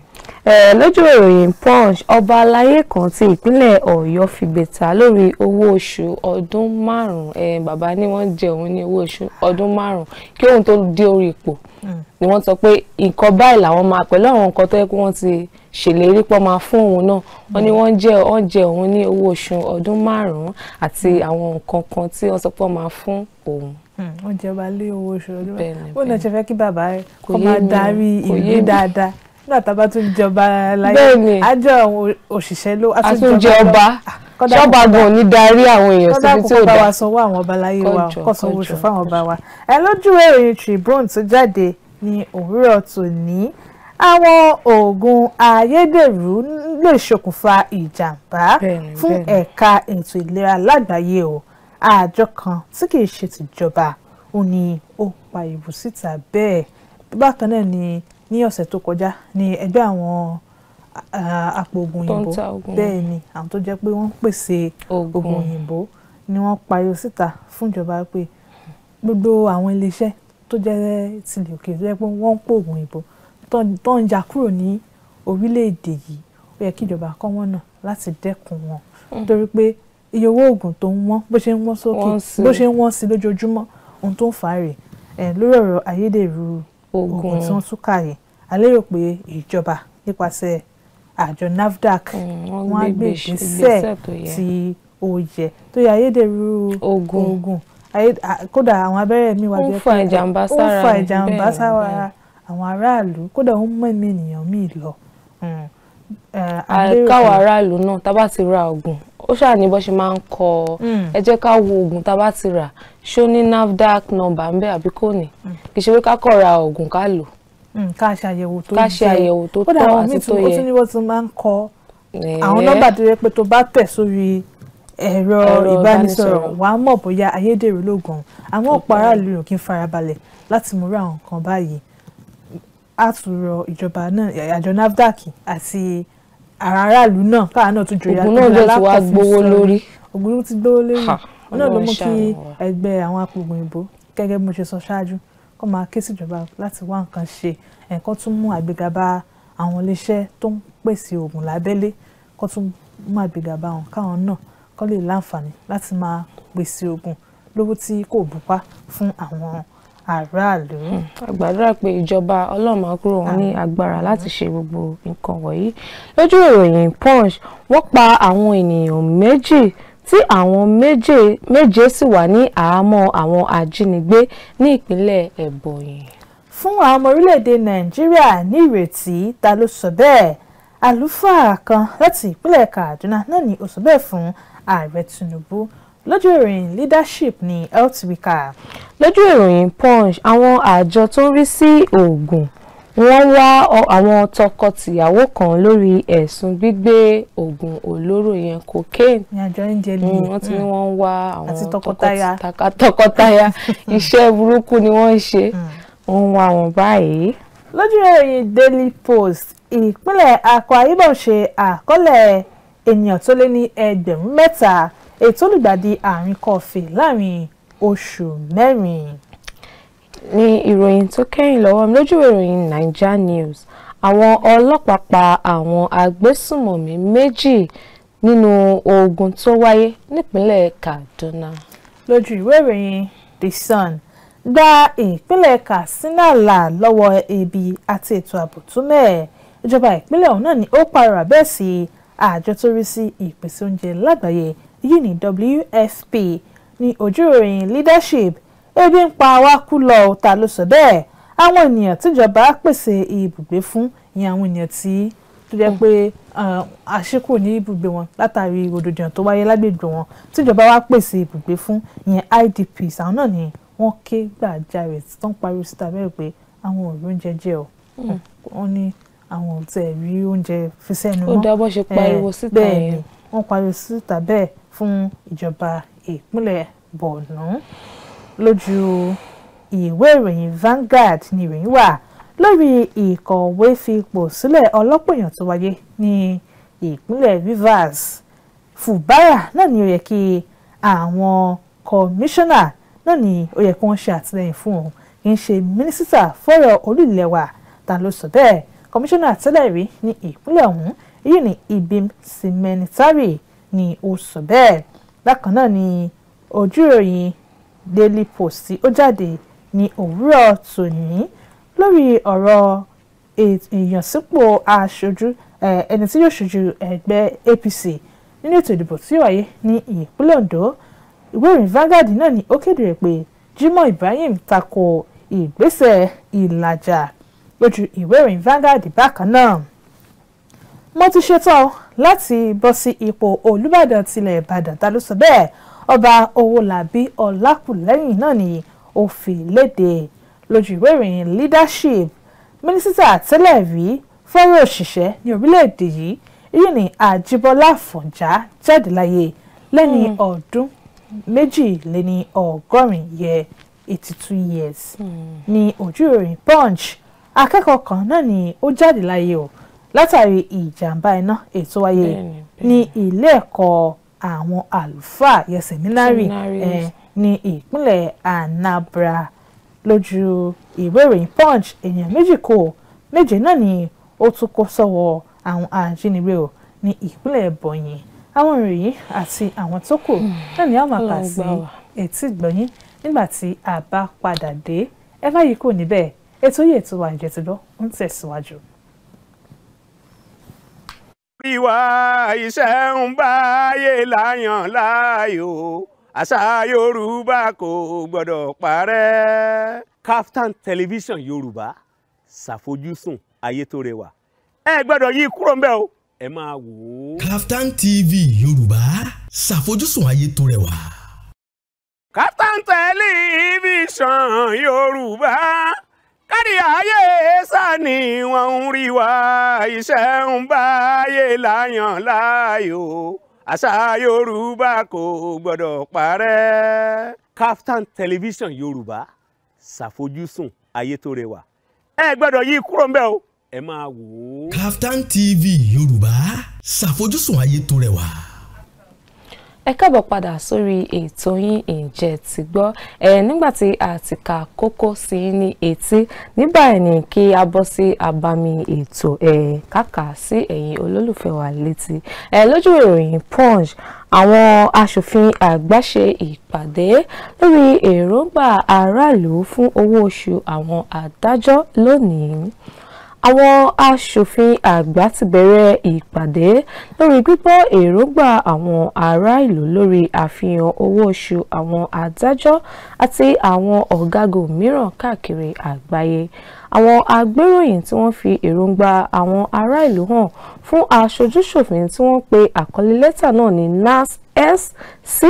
lójú ìròyìn punch ọba aláyé kan ti ìpínlẹ̀ ọ̀yọ́ fìgbẹ̀ta lórí owó oṣù ọdún márùn-ún bàbá ni wọ́n jẹ òun ní owó oṣù ọdún márùn-ún kí òun tó dé orí ipò hmm. ni wọ́n sọ pé nǹkan báyìí làwọn máa pẹ̀lú àwọn nǹkan tó yẹ kí wọ́n ti ṣèlérí pọ́ máa fún òun náà wọ́n ní hmm. wọ́n jẹ́ wọ́n jẹ́ òun ní owó oṣù ọdún márùn-ún àti hmm. àwọn nǹkan kan tí wọ́n sọ pé máa fún òun. wọ́n jẹ́ lé owó oṣù ọdún márùn-ún bó lọ ṣe fẹ́ kí bàbá kó máa darí ìlú dáadáa nígbà tá a bá tún jọba láyé àjọ àwọn òṣìṣẹ́ ló àtúnjẹ ọba ah, ṣọba gan ní darí àwọn èèyàn síbi tí ò dá kódà kó bá wa sanwó àwọn ọba láyé wa kó sanwó oṣù fáwọn ọba wa ẹ lójú ìròyìn Tribune tó jáde ní òwúrọ̀ tòní àwọn oògùn ayédèrú lè ṣokùnfà ìjàmbá fún ẹ̀ka ètò ìlera lágbàáyé o àjọ kan tí kì í ṣe tìjọba ò ní ó pariwo síta bẹ́ẹ̀ bákan náà ni ní ọ̀sẹ̀ tó kọjá ní ẹgbẹ́ àwọn àpò oògùn òyìnbó bẹ́ẹ̀ ni àwọn tó jẹ́ pé wọ́n pèsè oògùn òyìnbó ni wọ́n pariwo síta fún ìjọba pé gbogbo àwọn iléeṣẹ́ tó jẹ́ tilẹ̀ òkèèrè tó jẹ́ pé wọ́n ń pò oògùn òyìnbó tó ń jà kúrò ní orílẹ̀-èdè yìí ó yẹ kí ìjọba kọ́ wọ́n náà láti dẹ́kun wọn mm. nítorí pé iye owó oògùn tó ń wọ́n bó ṣe ń wọ́n sókè bó ṣe ń wọ́n sí lójoojúmọ́ ohun tó ń fà á lórí ọ̀rọ̀ ayédèrú oògùn tí wọ́n tún kà yìí a lérò pé ìjọba nípasẹ̀ àjọ NAFDAC mm, wọ́n á gbé ìgbésẹ̀ tí ó yẹ tó yẹ ayédèrú oògùn kódà àwọn abẹ́rẹ́ mi wà jẹ́ pé ó ń fa ìjàmbá sára àwọn aráàlú kódà ó ń mú ẹ̀mí ènìyàn míì lọ hmm. eh, káwọn aráàlú náà tá bá ti ra oògùn ó ṣáà ní bó ṣe máa ń kọ hmm. ẹ jẹ́ ká wo oògùn tá ti rà ṣó ní NAFDAC nọ́mbà ń bẹ àbí kò ní hmm. kì í ṣe pé ká kọ̀ ra oògùn ká lò. Mm, ká ṣe àyẹ̀wò tó jẹ́ ká ṣe àyẹ̀wò tó tọ́ àti tó yẹ ó tún ní wọ́n ti máa ń kọ àwọn nọ́mbà tó yẹ pé tó bá tẹ̀ sórí ẹ̀rọ ìbánisọ̀rọ̀ wà á mọ̀ bóyá ayédèrú lóògùn àwọn ọ̀pọ̀ aráàlú ò kí ń farabalẹ̀ láti múra àwọn nǹkan báyìí àtúrọ̀ ìjọba náà àjọ NAFDAC àti aráàlú náà káà náà tún jòyà ògùn náà ti wá lórí ògùn náà ló mú kí ẹgbẹ́ àwọn apògùn ìbò gẹ́gẹ́ bí mo ṣe sọ ṣáájú kó máa ké síjọba láti wá nǹkan ṣe ẹ̀kan tún mú àgbéga bá àwọn iléeṣẹ́ tó ń pèsè oògùn lábẹ́lé kó tún mú àgbéga bá wọn káwọn náà kó lè láǹfààní láti máa pèsè oògùn lówó tí kò bùpá fún àwọn aráàlú. àgbàdúrà pé ìjọba ọlọ́mà wọn ní agbára láti ṣe gbogbo nǹkan wọ̀nyí lójú ìròyìn punch wọ́n pa àwọn ènìyàn méjì tí àwọn méje méje sì wà ní àhámọ́ àwọn ajínigbé ní ìpínlẹ̀ Ebonyi. fún àwọn ọmọ orílẹ̀-èdè Nàìjíríà ní ìrètí ta ló sọ bẹ́ẹ̀ àlùfáà kan láti ìpínlẹ̀ Kaduna náà ni ó sọ bẹ́ẹ̀ fún ààrẹ Tinubu lójú ìròyìn leadership ní health week. lójú ìròyìn punch àwọn àjọ tó ń rí sí oògùn wọ́n wá àwọn tọkọ-tìyàwó kan lórí ẹ̀sùn gbígbé oògùn olóró yẹn cocaine wọ́n ti ní wọ́n ń wá àwọn tọkọtaya iṣẹ́ burúkú ni wọ́n ń ṣe hmm. wọ́n ń wá wọn báyìí. lójú ìròyìn Daily Post ìpínlẹ̀ Akwa Ibom ṣe àkọlẹ̀ ènìyàn tó lé ní ẹgbẹ̀rún mẹ́ta ètò olùgbàdì àrùn kọfì láàrin oṣù mẹ́rin ní ìròyìn tó kẹ́yìn lọ́wọ́ mi lójú ìròyìn Naija News àwọn ọlọ́pàá pa àwọn agbésùmọ̀mí méjì nínú ogun tó wáyé nípínlẹ̀ Kaduna. lójú ìwé ìròyìn The Sun gba ìpínlẹ̀ Katsina là lọ́wọ́ ebi àti ètò ààbò tó mẹ́ẹ̀ ìjọba ìpínlẹ̀ ọ̀hún náà ni ó pààrọ̀ àbẹ́ẹ̀ sí àjọ tó rí sí ìpèsè oúnjẹ lágbàáyé yìí ní WFP ní ojú ìròyìn leadership ebi ń pa wá kú lọ ọ̀tà ló sọ bẹ́ẹ̀ àwọn ènìyàn tíjọba pèsè ibùgbé fún ìyẹn àwọn ènìyàn tí tó jẹ́ pé àṣekù ní ibùgbé wọn látàrí rògbòdìyàn tó wáyé lágbègbè wọn tíjọba wá pèsè ibùgbé fún ìyẹn IDPs àwọn náà ni wọ́n ké gbàjarè tó ń pariwo síta bẹ́ẹ̀ pé àwọn ò rí oúnjẹ jẹ o hmm. wọ́n ní àwọn ò tẹ̀ rí oúnjẹ fi sẹ́nu mọ́ ó dábọ̀ ṣe pariwo síta yẹn ni wọ́n pariwo síta bẹ́ẹ̀ fún ìjọba ìpínlẹ̀ Borno lójú ìwé ìròyìn Vanguard ni ìròyìn wà lórí ìkọ̀wé fipò sílẹ̀ ọlọ́pọ̀yàn tó wáyé ní ìpínlẹ̀ Rivers Fubara náà ni ó yẹ kí àwọn kọmíṣánná náà ni ó yẹ kí wọ́n ṣe àtìlẹyìn fún òun kì í ṣe mínísítà fọ́rọ̀ orílẹ̀ wa ta ló sọ bẹ́ẹ̀ kọmíṣánná tẹ́lẹ̀ ní ìpínlẹ̀ ọ̀hún èyí ni Ibim Simenitari ni ó sọ bẹ́ẹ̀ bákan náà ni ojú ìròyìn Daily Post tí ó jáde ní òwúrọ̀ tòní lórí ọ̀rọ̀ ìyànsípò aṣojú ẹni tí yóò ṣojú ẹgbẹ́ APC nínú ètò ìdìbò tí ó wáyé ní ìpínlẹ̀ Ondo ìwé ìròyìn Vanguard náà ni ó kéde rẹ̀ pé Jimoh Ibrahim tako ìgbésẹ̀ ìlàjà lójú ìwé ìròyìn Vanguard bákan náà mo ti ṣetán láti bọ́ sí ipò Olúbàdàn tilẹ̀ Ìbàdàn ta ló sọ bẹ́ẹ̀ ọba owólabí ọlákùlẹ́yìn náà ni ó fi léde lójú ìwé ìròyìn leadership mínísítà tẹ́lẹ̀ rí fọ́rọ̀ òṣìṣẹ́ ní orílẹ̀-èdè yìí Ìyìnì Àjíbọ́lá Fọ̀njá jáde láyé lẹ́ni hmm. ọdún méjìléní ọgọ́rin yẹ eighty two years hmm. ni ojú ìròyìn Punch akẹ́kọ̀ọ́ kan náà ni ó jáde láyé o látàrí ìjàmbá iná ètò wáyé ní ilé ẹ̀kọ́ àwọn àlùfáà yẹ sẹ̀mínárì ní ìpínlẹ̀ Anambra lójú ìwé ìròyìn Punch èèyàn méjì kò méje náà ni ó tún kó sọ́wọ́ àwọn ajínigbé o ní ìpínlẹ̀ Ebonyi àwọn ìròyìn àti àwọn tó kù hmm. náà ni a máa kà sí etí gbọ̀nyìn nígbà tí a bá padà dé ẹ báyìí kò níbẹ̀ ètò yìí ètò wa ìjẹ́tìgbọ́ ń tẹ̀síwájú ìwà iṣẹ́ ń láyàn láàyò àṣà yorùbá kò gbọ́dọ̀ parẹ́. Kaftan television yorùbá ṣàfojúsùn ayé tó rẹwà ẹ gbọ́dọ̀ yí kúrò ń o ẹ máa wò ó. Kaftan TV yorùbá ṣàfojúsùn ayé tó rẹwà. Kaftan television yorùbá kárí ayé sani wọn ń rí wa iṣẹ́ ń báyé láyàn láàyò àṣà yorùbá kò gbọ́dọ̀ parẹ́. Kaftan television yorùbá ṣàfojúsùn ayé tó rẹwà ẹ gbọ́dọ̀ yí kúrò ńbẹ̀ o ẹ máa wò ó. Kaftan TV yorùbá ṣàfojúsùn ayé tó rẹwà ẹ káàbọ̀ padà sórí ètò yín ǹjẹ́ ti gbọ́ ẹ nígbà tí a ti ka kókó sí ní etí nígbà ẹ̀ kí a bọ́ sí abami ètò ẹ̀ kàkà sí ẹ̀yin olólùfẹ́ wa létí ẹ lójú ìròyìn punch àwọn aṣòfin àgbà ṣe ìpàdé lórí èròǹgbà aráàlú fún owó oṣù àwọn adájọ́ lónìí àwọn aṣòfin àgbà ti bẹ̀rẹ̀ ìpàdé lórí gbígbọ́ èròǹgbà àwọn ará ìlú lórí àfihàn owó oṣù àwọn adájọ́ àti àwọn ọ̀gágun mìíràn káàkiri àgbáyé àwọn agbéròyìn tí wọ́n fi èròǹgbà àwọn ará ìlú hàn fún aṣojúṣòfin tí wọ́n pe àkọlé lẹ́tà náà ní nas s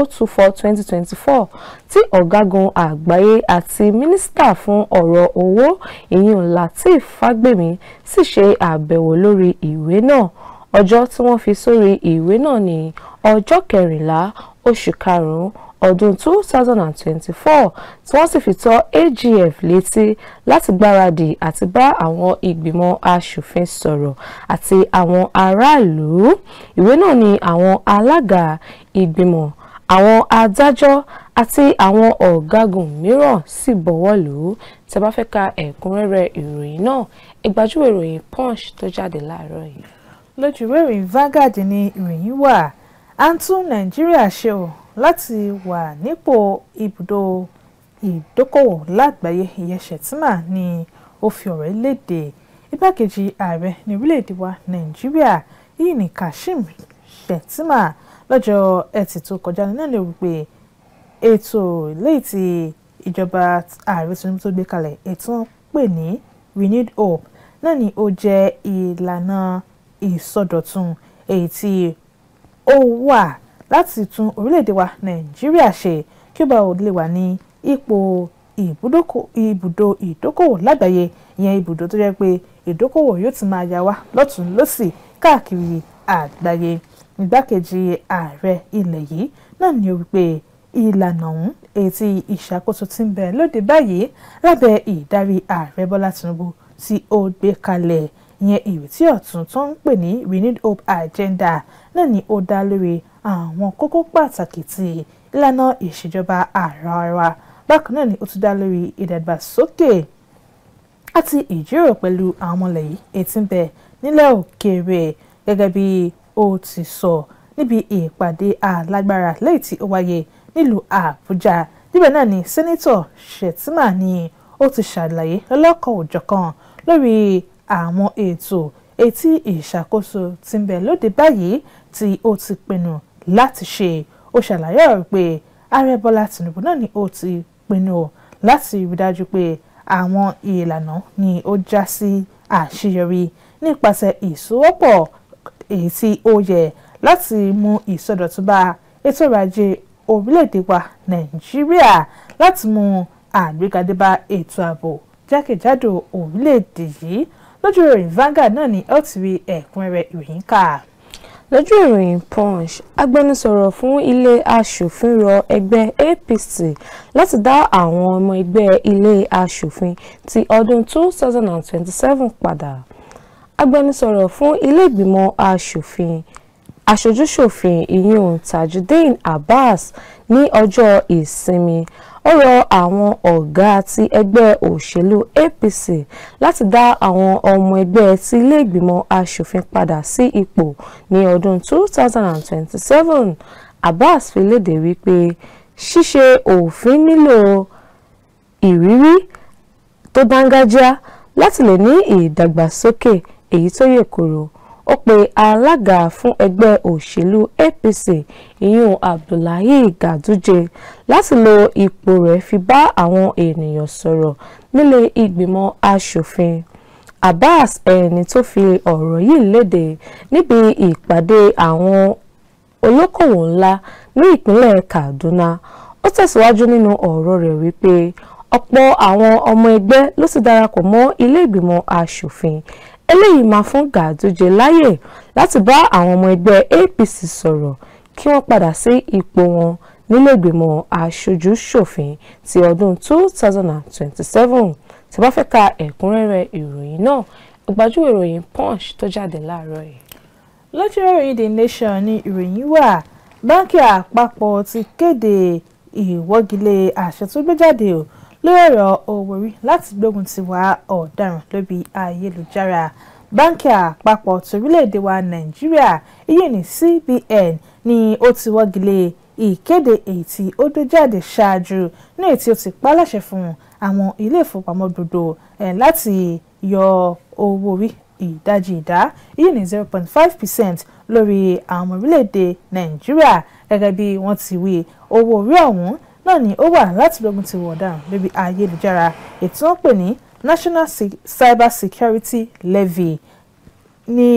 o two four twenty twenty four tí ọ̀gágun àgbáyé àti mínísítà fún ọ̀rọ̀ owó ìyún Lateef Fagbemi sì ṣe àbẹ̀wò lórí ìwé náà ọjọ́ tí wọ́n fi sórí ìwé náà ní ọjọ́ kẹrìnlá oṣù karùn-ún ọdún 2024 tí wọ́n sì fi tó AGF létí láti gbáradì àti bá àwọn ìgbìmọ̀ asòfin sọ̀rọ̀ àti àwọn aráàlú ìwé náà ní àwọn alága ìgbìmọ̀ àwọn adájọ́ àti àwọn ọ̀gágun mìíràn sì bọ̀wọ́ lù ú tẹ́ bá fẹ́ ka ẹ̀kúnrẹ́rẹ́ ìròyìn náà ìgbàjúwe ìròyìn punch tó jáde láàárọ̀ yìí. lójú ìwé ìròyìn Vanguard ni ìròyìn wà á ń tún Nàìjíríà ṣe o láti wà nípò ibùdó ìdókòwò lágbàáyé ìyẹn Shettima ni ó fi ọ̀rọ̀ léde igbákejì ààrẹ ní orílẹ̀-èdè wa Nàìjíríà yìí ní Kashim Shettima lọ́jọ́ ẹtì tó kọjá náà lè wí pé ètò léyìí tí ìjọba ààrẹ Tinubu tó gbé kalẹ̀ ètò ń pè ní renewed hope náà ni ó jẹ́ ìlànà ìsọdọ̀tun èyí tí ó wà láti tún orílẹ̀-èdè wa Nàìjíríà ṣe kí ó bá lè wà ní ipò ibùdó ìdókòwò lágbàáyé ìyẹn ibùdó tó jẹ́ pé ìdókòwò yóò ti máa yà wá lọ́tún lọ́sì káàkiri àgbáyé igbákejì ààrẹ ilẹ̀ yìí náà ni ó wípé ìlànà ọ̀hún èyí tí ìṣàkóso ti ń bẹ̀rẹ̀ lóde báyìí lábẹ́ ìdarí ààrẹ bọ́lá tinubu tí ó gbé kalẹ̀ ìyẹn ìrètí ọ̀tun tó ń pè ní renewed hope agenda náà ni ó dá lórí àwọn kókó pàtàkì ti ìlànà ìṣèjọba àràwà bákan náà ni ó tún dá lórí ìdàgbàsókè àti ìjíròrò pẹ̀lú àwọn ọmọlẹ̀ yìí etí ń bẹ nílẹ̀ òkèèrè gẹ́gẹ́ bí ó ti sọ níbi ìpàdé alágbára lẹ́yìn tí ó wáyé nílùú àbújá níbẹ̀ náà ni sẹ́nẹ́tọ̀ shettima ni ó ti ṣàlàyé lọ́lọ́kọ̀ọ́jọ̀kan lórí àwọn ètò etí ìṣàkóso ti ń bẹ lóde báyìí tí ó ti pinnu láti ṣe ó ṣàlàyé ọ̀rọ̀ pé ààrẹ bọ́lá tìǹbù náà ni ó ti pinnu láti rí dájú pé àwọn ìlànà ni ó já sí àṣeyọrí nípasẹ̀ ìsowọ́pọ̀ èyí tí ó yẹ láti mú ìsọdọ̀tun bá ètò ọrọ̀ ajé orílẹ̀-èdè wa nàìjíríà láti mú àgbékalẹ̀ bá ètò ààbò jákèjádò orílẹ̀-èdè yìí lójú ìròyìn Vanguard náà ni ó ti rí ẹ̀kúnrẹ́rẹ́ ìròyìn kà lójú ìròyìn punch agbẹnusọ̀rọ̀ fún ilé aṣòfin rọ ẹgbẹ́ APC láti dá àwọn ọmọ ẹgbẹ́ ilé aṣòfin ti ọdún 2027 padà agbẹnusọ̀rọ̀ fún ilé ìgbìmọ̀ aṣòfin aṣojúṣòfin ìyún tajudeen abbas ní ọjọ́ ìsinmi ó rọ àwọn ọ̀gá ti ẹgbẹ́ òṣèlú apc láti dá àwọn ọmọ ẹgbẹ́ ti iléègbìmọ̀ aṣòfin padà sí ipò ní ọdún 2027 abbas fi léde wípé ṣíṣe òfin nílò ìrírí tó dángájá láti lè ní ìdàgbàsókè èyí tó yè koro ó pe alága fún ẹgbẹ́ òṣèlú APC ìyún Abdullahi Ganduje láti lo ipò rẹ̀ fi bá àwọn ènìyàn sọ̀rọ̀ nílé ìgbìmọ̀ asòfin Abbas ẹni tó fi ọ̀rọ̀ yìí léde níbi ìpàdé àwọn olókòwò ńlá ní ìpínlẹ̀ Kaduna ó tẹ̀síwájú nínú ọ̀rọ̀ rẹ̀ wípé ọ̀pọ̀ àwọn ọmọ ẹgbẹ́ ló ti darapọ̀ mọ́ ilé ìgbìmọ̀ asòfin eléyìí máa fún Gàdúje láyè láti bá àwọn ọmọ ẹgbẹ́ APC sọ̀rọ̀ kí wọ́n padà sí ipò wọn nílẹ̀gbìmọ̀ aṣojú-ṣòfin ti ọdún 2027 tí bá fẹ́ ka ẹ̀kúnrẹ́rẹ́ ìròyìn náà gbajúwò ìròyìn punch tó jáde láàárọ̀ yìí. lọ́jọ́ ìròyìn the nation ni ìròyìn wà báńkì àpapọ̀ ti kéde ìwọ́gilé àṣẹ tó gbé jáde o lórí ọ̀rọ̀ owó orí láti gbógun ti wà ọ̀daràn lórí ayélujára báńkì àpapọ̀ torílẹ̀-èdè wa nàìjíríà ìyẹn ní CBN ni ó ti wọ́gilé ìkéde èyí tí ó dé jáde ṣáájú ní èyí tí ó ti pa láṣẹ fún àwọn ilé ìfowópamọ́ gbogbo eh, láti yọ owó orí ìdajì ìdá ìyẹn ní zero point five percent lórí àwọn ọmọ orílẹ̀-èdè nàìjíríà gẹ́gẹ́ bí wọ́n ti wí owó orí ọ̀hún náà ni ó wà láti lọ́gun ti wọ̀ ọ̀daràn lórí ayélujára ètò wọn pè ní National Cyber Security Levy ní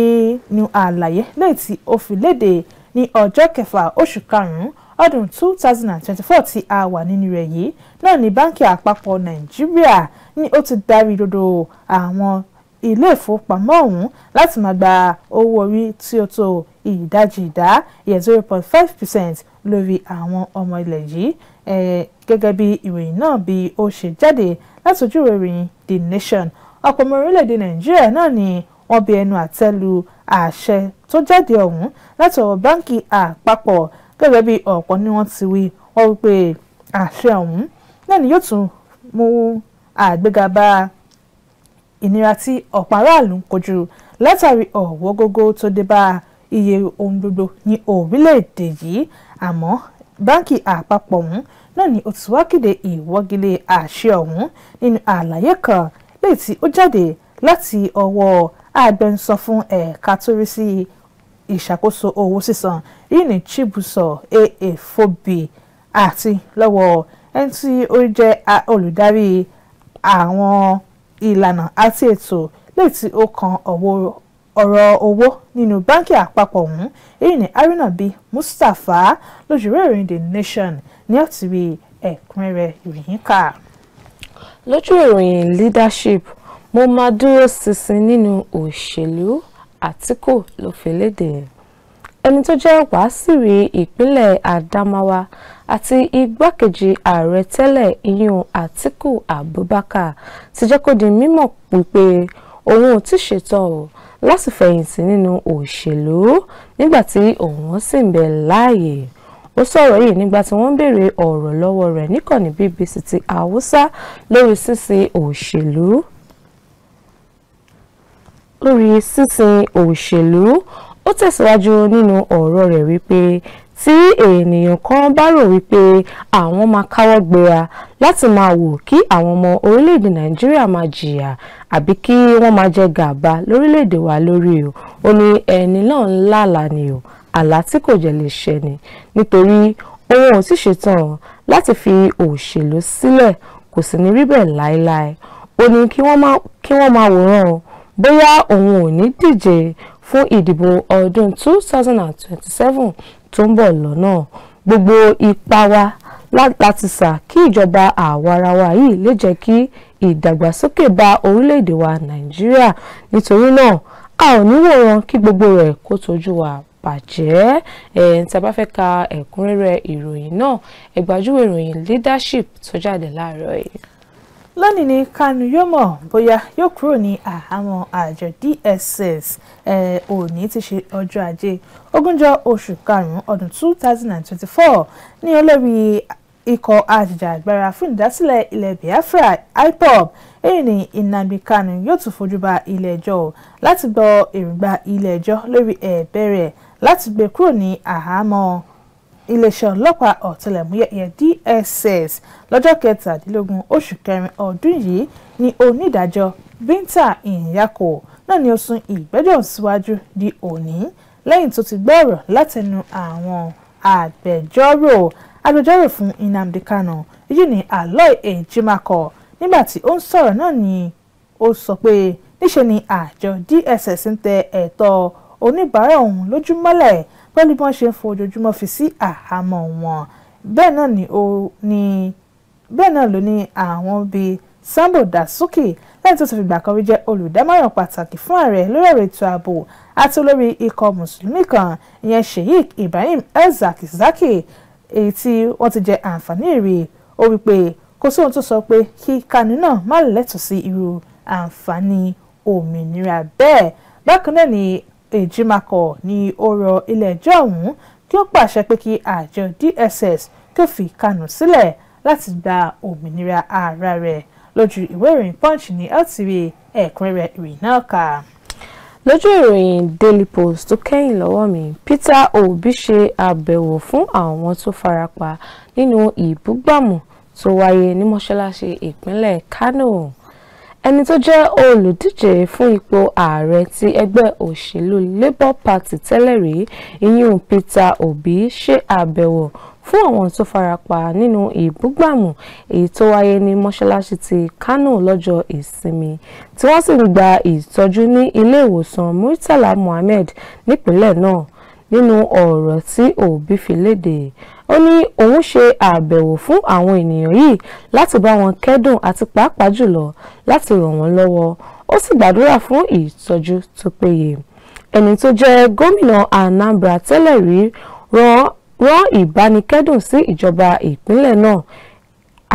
ní àlàyé lẹ́yìn tí ó fi léde ní ọjọ́ kẹfà oṣù karùn-ún ọdún two thousand and twenty-four tí a wà nínú rẹ̀ yìí náà ni báńkì àpapọ̀ nàìjíríà ni ó ti dárí dodo àwọn ilé ìfowópamọ́ ọ̀hún láti máa gba owó orí tí ó tó ìdajì ìdá ìyẹn zero point five percent lórí àwọn ọmọ ilẹ̀ yìí gẹ́gẹ́ bí ìròyìn náà bí ó ṣe jáde láti ojú ìròyìn The Nation ọ̀pọ̀ ọmọ orílẹ̀-èdè Nàìjíríà náà ni wọ́n bí ẹnu àtẹ́ lu àṣẹ tó jáde ọ̀hún láti ọ̀rọ̀ báǹkì àpapọ̀ gẹ́gẹ́ bí ọ̀pọ̀ ni wọ́n ti wí wọ́n wí pé àṣẹ ọ̀hún náà ni yóò tún mú àgbéga bá ìnira tí ọ̀pọ̀ aráàlú ń kojú látàrí ọ̀wọ́gógó tó dé bá iye ohun gbogbo ní orílẹ̀-èdè yìí àmọ́ báǹkì àpapọ̀ ọ̀hún náà ni ó ti wá kéde ìwọ́gilé àṣẹ ọ̀hún nínú àlàyé kan léyìí tí ó jáde láti ọwọ́ agbẹnusọ fún ẹ̀ka tó rí sí ìṣàkóso owó sísan yìí ní Chibuso Eefobi àti lọ́wọ́ ẹni tí ó jẹ́ olùdarí àwọn ìlànà àti ètò léyìí tí ó kan ọ̀wọ́ ọ̀rọ̀ owó nínú báńkì àpapọ̀ ọ̀hún èyí ni Haruna B Mustapha lójúwèé ìròyìn The Nation ní ọ̀tìrì ẹ̀kúnrẹ́rẹ́ ìròyìn kà. lójú ìròyìn leadership mo máa dúró ṣinṣin nínú òṣèlú Àtíkù ló fi léde ẹni tó jẹ́ wàásìrì ìpínlẹ̀ Adamawa àti igbákejì ààrẹ tẹ́lẹ̀ ìyún Àtíkù Abubakar ti jẹ́ kó di mímọ̀ pípé òun ò ti ṣetán o láti fẹ̀yìntì nínú òṣèlú nígbà tí òun sì ń bẹ láàyè ó sọ̀rọ̀ yìí nígbà tí wọ́n béèrè ọ̀rọ̀ lọ́wọ́ rẹ̀ níkànnì BBC ti Haúsá lórí sísin òṣèlú lórí sísin òṣèlú ó tẹ̀síwájú nínú ọ̀rọ̀ rẹ̀ wípé tí ènìyàn kan bá rò wípé àwọn máa káwọ́ gbéra láti máa wò kí àwọn ọmọ orílẹ̀-èdè nàìjíríà máa jìyà àbí kí wọ́n máa jẹ gàba lórílẹ̀-èdè wa lórí o ó ní ẹni náà ń lálàá ni o àlá tí kò jẹ́ lè ṣẹ ni nítorí òun ò sì ṣetán láti fi òṣèlú sílẹ̀ kò sì ní rí bẹ́ẹ̀ láéláé ó ní kí wọ́n máa wòran o bóyá òun ò ní díje fún ìdìbò ọdún seven tó ń bọ̀ lọ́nà gbogbo ipá wa láti sà kí ìjọba àwarawa yìí lè jẹ́ kí ìdàgbàsókè bá orílẹ̀-èdè wa nàìjíríà nítorí náà a ò ní wòran kí gbogbo rẹ̀ kó tójú wa bàjẹ́ ẹ̀ẹ́n tí a fẹ́ ka ẹ̀kúnrẹ́rẹ́ ìròyìn náà ẹ̀gbájúwò ìròyìn leadership tó jáde láàárọ̀ yìí lónìí ní kanu yóò mọ̀ bóyá yóò kúrò ní àhámọ́ àjọ DSS òní ti ṣe ọjọ́ ajé ogúnjọ́ oṣù karùn-ún ọdún two thousand and twenty-four ní olórí ikọ̀ ajìjàgbara fún ìdásílẹ̀ ilẹ̀ Biafra IPOB èyí ni Nnamdi Kanu yóò tún fojú ba ilé ẹjọ́ láti gbọ́ èròǹgbà ilé ẹjọ́ lórí ẹ̀bẹ̀ rẹ̀ láti gbé kúrò ní àhámọ́ iléeṣẹ́ ọlọ́pàá ọ̀tẹlẹ̀múyẹ́ ìyẹn DSS lọ́jọ́ kẹtàdínlógún oṣù kẹrin ọdún yìí ni onídàájọ́ Binta Nyako náà ni ó sún ìgbẹ́jọ́ síwájú di òní lẹ́yìn tó ti gbọ́rọ̀ látẹnu àwọn agbẹjọ́rò agbẹjọ́rò fún Nnamdi Kanu èyí ni Aloy Ejimakor nígbà tí ó ń sọ̀rọ̀ náà ni ó sọ pé níṣe ni àjọ DSS ń tẹ ẹ̀tọ́ oníbàárà òun lójúmọ́lẹ̀ pẹ̀lú bí wọ́n ṣe ń fọ ojoojúmọ́ fi sí àhámọ́ wọn bẹ́ẹ̀ náà ni ó ní bẹ́ẹ̀ náà ló ní àwọn bíi Sambo Dasuki lẹ́yìn tó ti fìgbà kan rí jẹ́ olùdámọ̀ràn pàtàkì fún ààrẹ lórí ọ̀rọ̀ ètò ààbò àti olórí ikọ̀ mùsùlùmí kan ìyẹn Sheikh Ibrahim Elzaki Zaki èyí tí wọ́n ti jẹ àǹfààní rí ó wí pé kò sóhun tó sọ pé kí Kanu náà má lẹ́tọ̀ọ́ sí irú àǹfààní òmìnira bẹ́ẹ̀ bákan náà ni Ejimakor ní ó rọ ilé-ẹjọ́ ọ̀hún kí ó pàṣẹ pé kí àjọ DSS tó fi Kanu sílẹ̀ láti gba òmìnira ara rẹ̀ lójú ìwé ìròyìn Punch ní LTV ẹ̀kúnrẹ́rẹ́ ìròyìn náà kà lójú ìròyìn Daily Post tó kẹ́yìn lọ́wọ́ mi Peter Obi ṣe àbẹ̀wò fún àwọn tó farapa nínú ìbúgbàmù tó wáyé ní mọ́ṣáláṣí ìpínlẹ̀ Kano ẹni tó jẹ́ olùdíje fún ipò ààrẹ ti ẹgbẹ́ òṣèlú labour party tẹ́lẹ̀ rí ìyún Peter Obi ṣe àbẹ̀wò fún àwọn tó farapa nínú ìbúgbàmù èyí tó wáyé ní mọ́ṣáláṣí ti Kánò lọ́jọ́ ìsinmi tí wọ́n sì ń gba ìtọ́jú ní ilé ìwòsàn Murtala Mohammed nípínlẹ̀ náà nínú ọ̀rọ̀ tí Obi fi léde ó ní òun ṣe àbẹ̀wò fún àwọn ènìyàn yìí láti bá wọn kẹ́dùn àti pàápàá jùlọ láti ràn wọ́n lọ́wọ́ ó sì gbàdúrà fún ìtọ́jú tó péye ẹni tó jẹ́ gómìnà Anambra tẹ́lẹ̀ rí rán rán ìbánikẹ́dùn sí ìjọba ìpínlẹ̀ náà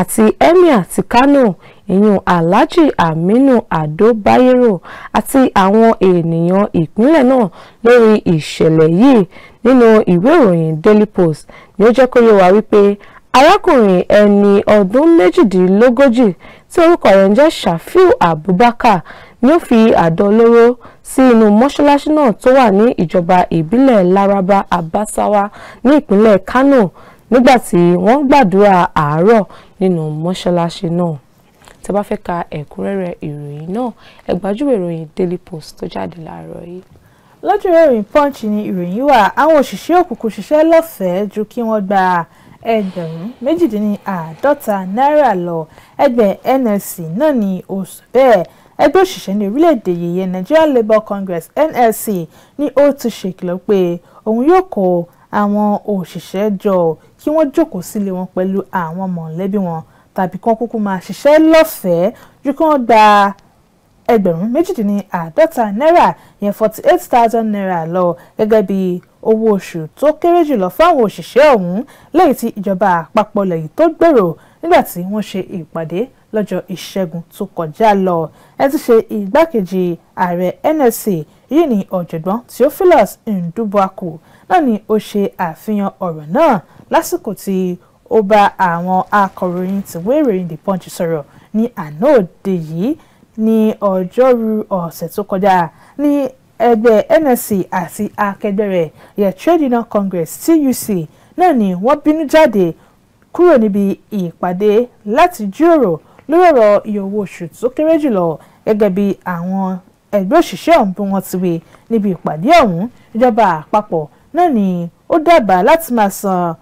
àti emir ti Kano ìyún alhaji aminu ado bayero àti àwọn ènìyàn ìpínlẹ̀ náà lórí ìṣẹ̀lẹ̀ yìí nínú ìwé ìròyìn daily post ni ó jẹ́ kó yé wa wípé arákùnrin ẹni ọdún méjìdínlógójì tí orúkọ rẹ̀ ń jẹ́ shafiu abubakar ni ó fi àdó olóró sí inú mọ́ṣáláṣí náà tó wà ní ìjọba ìbílẹ̀ laraba abasawa ní ìpínlẹ̀ kano nígbà tí wọ́n gbàdúrà àárọ̀ nínú mọ́ṣáláṣí náà tẹ bá fẹ́ ka ẹ̀kúnrẹ́rẹ́ ìròyìn náà ẹ ìròyìn Daily Post tó jáde láàárọ̀ yìí. lójú ìròyìn Punch ni ìròyìn wà àwọn òṣìṣẹ́ òkùnkùn ṣiṣẹ́ lọ́fẹ̀ẹ́ ju kí wọ́n gba ẹgbẹ̀rún méjìdínláàádọ́ta náírà lọ ẹgbẹ́ NLC náà ni ó sọ bẹ́ẹ̀ ẹgbẹ́ òṣìṣẹ́ ní orílẹ̀-èdè yìí Nigeria Labour Congress NLC ni ó ti ṣèkìlọ̀ pé òun yóò kó àwọn òṣìṣẹ́ jọ kí wọ́n jókòó sílé wọn pẹ̀lú àwọn mọ̀lẹ́bí wọn tàbí kán kúkú máa ṣiṣẹ́ lọ́fẹ̀ẹ́ ju kán gba ẹgbẹ̀rún méjìdínláàádọ́ta náírà yẹn forty eight thousand naira lọ gẹ́gẹ́ bí owó oṣù tó kéré jùlọ fáwọn òṣìṣẹ́ ọ̀hún lẹ́yìn tí ìjọba àpapọ̀ lẹ́yìn tó gbèrò nígbà tí wọ́n ṣe ìpàdé lọ́jọ́ ìṣẹ́gun tó kọjá lọ ẹ ti ṣe ìgbákejì ààrẹ NLC yìí ní ọ̀jọ̀gbọ́n Theophilus Ndubuaku náà ni ó ṣe àfihàn ọ̀rọ̀ náà lásìkò tí ó bá àwọn akọ̀ròyìn tìwé ìròyìn The Punch sọ̀rọ̀ ní àná òde yìí ní ọjọ́rú ọ̀sẹ̀ tó kọjá ní ẹgbẹ́ NSC àti akẹgbẹ́ rẹ̀ yẹ Trade Union Congress TUC náà ni wọ́n bínú jáde kúrò níbi ìpàdé láti jíròrò lórí ọ̀rọ̀ iye owó oṣù tó kéré jùlọ gẹ́gẹ́ bí àwọn ẹgbẹ́ òṣìṣẹ́ ọ̀hún bí wọ́n ti wí níbi ìpàdé ọ̀hún ìjọba àpapọ̀ náà ni ó dábàá láti máa san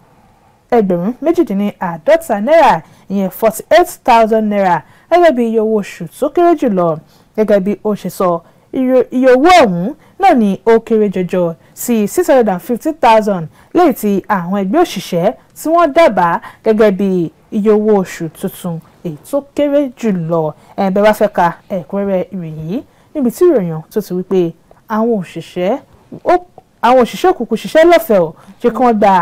ẹgbẹ̀rún méjìdínláàádọ́ta náírà ìyẹn forty eight thousand naira gẹ́gẹ́ bí iye owó oṣù tó kéré jùlọ gẹ́gẹ́ bí ó ṣe sọ iye owó ọ̀hún náà ni ó kéré jọjọ sí six hundred and fifty thousand léyìí tí àwọn ẹgbẹ́ òṣìṣẹ́ tí wọ́n dábàá gẹ́gẹ́ bí iye owó oṣù tuntun èyí tó kéré jùlọ ẹ̀ bẹ́ẹ̀ bá fẹ́ ka ẹ̀kúnrẹ́rẹ́ ìròyìn yìí níbi tí ìròyìn tó ti wípé àwọn òṣìṣẹ́ àwọn òṣìṣẹ́ òkùnkùn ṣiṣẹ́ lọ́fẹ̀ẹ́ ò ṣe kí wọ́n gba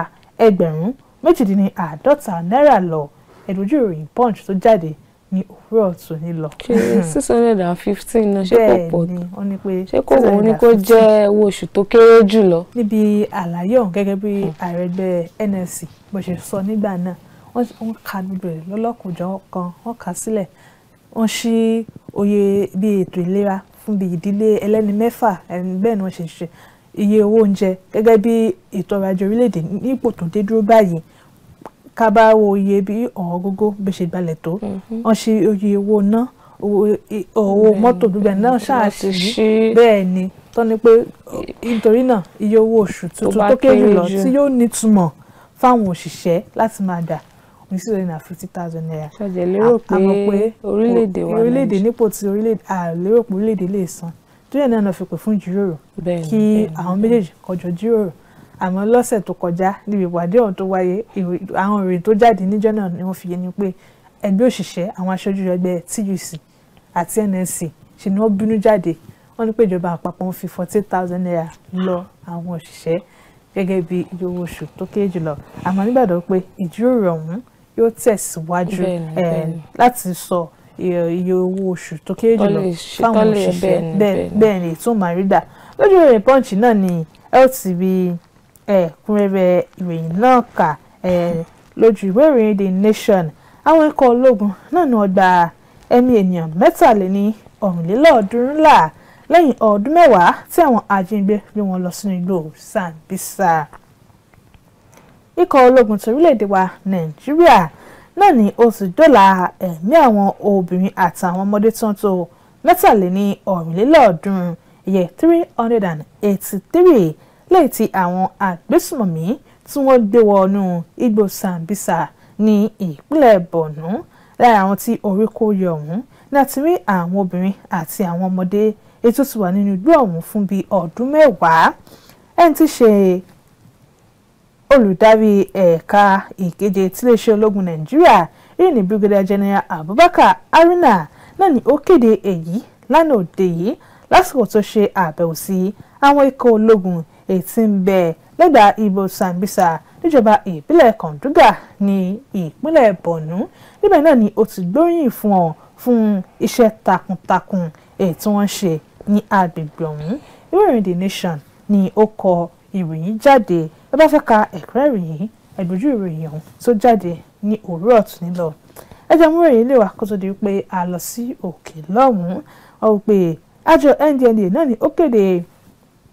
ẹgbẹ̀rún méjìdínláàádọ́ta náírà lọ ẹ̀dójú ìròyìn punch tó jáde ní òwúrọ̀ tòní lọ. ṣe six hundred and fifteen náà ṣé kò pọ̀ tó ṣé kò wọ́n ní kó jẹ́ owó oṣù tó kéré jù lọ. níbi àlàyé ọ̀hún gẹ́gẹ́ bí ààrẹ ẹgbẹ́ NLC bó ṣe sọ nígbà náà wọ́n ka gbogbo rẹ̀ lọ́lọ́kùnjọ́ kan wọ́n kà sílẹ̀ wọ́n ṣí oyè bíi ètò ìlera fún bíi ìdílé ẹlẹ́ni mẹ́fà bẹ́ẹ̀ ni wọ́n ṣe ṣe iye owó oúnjẹ gẹ́gẹ́ bí ètò ọrọ̀ ajé orílẹ̀-èdè ní tó dé dúró báyìí ká bá wo iye bí ọ̀hún gógó bí ṣe gbalẹ̀ tó mhm. wọ́n ṣe iye owó ná owó mọ́tò gbígbà náà ṣáàṣì bẹ́ẹ̀ ni tó ní pé nítorí náà iye owó oṣù tuntun tó kéré lọ tí yóò nítumọ̀ fáwọn òṣìṣẹ́ láti máa dà ní sí lórí náà fifty thousand naira. ṣàjẹ́ lérò pé orílẹ̀-èdè wa orílẹ̀-èdè nípò tí orílẹ̀-èdè à lérò pé orílẹ̀-èdè lè san tó yẹ náà fi pè fún ìjíròrò kí àwọn méjèèjì kọjọ jíròrò àmọ́ lọ́sẹ̀ tó kọjá níbi ìpàdé ọ̀hún tó wáyé àwọn ìròyìn tó jáde níjọ́ náà ni wọ́n fi yé ni pé ẹgbẹ́ òṣìṣẹ́ àwọn aṣojú ẹgbẹ́ TUC àti NNC ṣe ni wọ́n bínú jáde wọ́n ní pé ìjọba àpapọ̀ ń fi fourteen thousand naira lọ àwọn òṣìṣẹ́ gẹ́gẹ́ bí iye owó oṣù tó kéré jùlọ àmọ́ nígbàdàn pé ìjíròrò ọ̀hún yóò tẹ̀síwájú láti sọ iye owó oṣù tó kéré jùlọ fáwọn òṣìṣẹ́ bẹ́ẹ̀ ni ètò màrídà lójú ìròyìn Punch náà ni LTV ẹ̀kúnrẹ́rẹ́ ìròyìn náà kà lójú ìwé ìròyìn The Nation àwọn ikọ̀ ológun náà ni wọ́n gba ẹ̀mí ènìyàn mẹ́tàléní ọ̀rìnlélọ́ọ̀ọ́dúnrún là lẹ́yìn ọdún mẹ́wàá tí àwọn ajínigbé lé wọn lọ sínú igbó Sambisa ikọ̀ ológun torílẹ̀-èdè wa Nàìjíríà náà ni ó ti dóòlà ẹ̀mí àwọn obìnrin àtàwọn ọmọdé tó ń tó mẹ́tàléní ọ̀rìnlélọ́ọ̀ọ́dúnrún ìyẹn three hundred and eighty three lẹ́yìn tí àwọn agbésùmọ̀mí tí wọ́n gbé wọnú igbó Sambisa ní ìpínlẹ̀ Borno lára àwọn tí orí kó yọ ọ̀hún láti rí àwọn obìnrin àti àwọn ọmọdé ètò ti wà nínú igbó ọ̀hún fún bíi ọdún mẹ́wàá ẹni tí ṣe olùdarí ẹ̀ka ìkeje tiléeṣẹ́ ológun Nàìjíríà yìí ní Brigadier General Abubakar Haruna náà ni ó kéde èyí lánàá òde yìí lásìkò tó ṣe àbẹ̀wò sí àwọn ikọ̀ ológun ètí ń bẹ lẹ́gbà ìbò Sambisa níjọba ìbílẹ̀ Kàndúgà ní ìpínlẹ̀ Borno níbẹ̀ náà ni ó ti gbóríyìn fún ọ fún iṣẹ́ takuntakun èyí tí wọ́n ṣe ní agbègbè ọ̀hún ìròyìn The Nation ni ó kọ ìròyìn jáde ẹ bá fẹ́ ka ẹ̀kúrẹ́ ìròyìn ẹ̀gbójú ìròyìn ọ̀hún tó jáde ní òwúrọ̀ tún nílọ ẹ jẹ́ mú ìròyìn ilé wa kó tó di pé a lọ sí òkè lọ́hùn-ún ọ̀ pé àjọ NDLEA náà ni ó kéde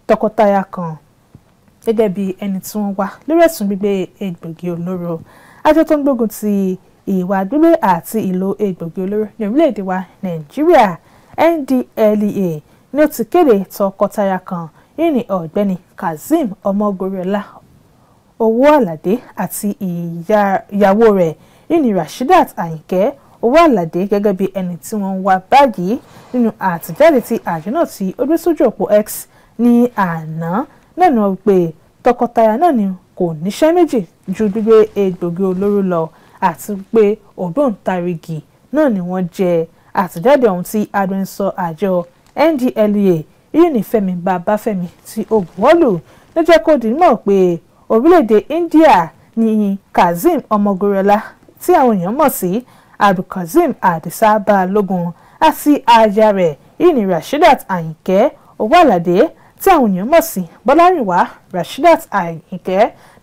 tọkọtaya kan gẹ́gẹ́ bí ẹni tí wọ́n wá lórí ẹ̀sùn gbígbé egbògi olóró àjọ tó ń gbógun ti ìwà gbígbé àti ìlò egbògi olóró ní orílẹ̀-èdè wa nàìjíríà NDLEA ni ó ti kéde tọkọtaya kan yìí ọ̀gbẹ́ni kazeem ọmọgoriola owó àlàdé àti ìyàwó rẹ̀ yìí ní rashidat àyìnkẹ́ owó àlàdé gẹ́gẹ́ bí ẹni tí wọ́n ń wá báyìí nínú àtẹ̀jáde tí àjọ náà tí ó gbé sójú òpó x ní àná lẹ́nu pé tọkọtaya náà ni kò níṣẹ́ méjì ju gbígbé egbògi olóró lọ àti pé ògbóǹtarìgì náà ni wọ́n jẹ́ àtẹ̀jáde ọ̀hún tí agbẹnusọ àjọ NDLEA yìí ní Fẹ́mi Babáfẹ́mi tí ó buwọ́lù ló jẹ́ kó di mọ̀ pé orílẹ̀-èdè India ni Kazeem Ọmọgorẹlá tí àwọn èèyàn mọ̀ sí Abdulkazeem Adisa Balógun àti aya rẹ̀ yìí ní Owó Àlàdé tí àwọn èèyàn mọ̀ sí bọ́lárìnwá rasheedat àyìnkẹ́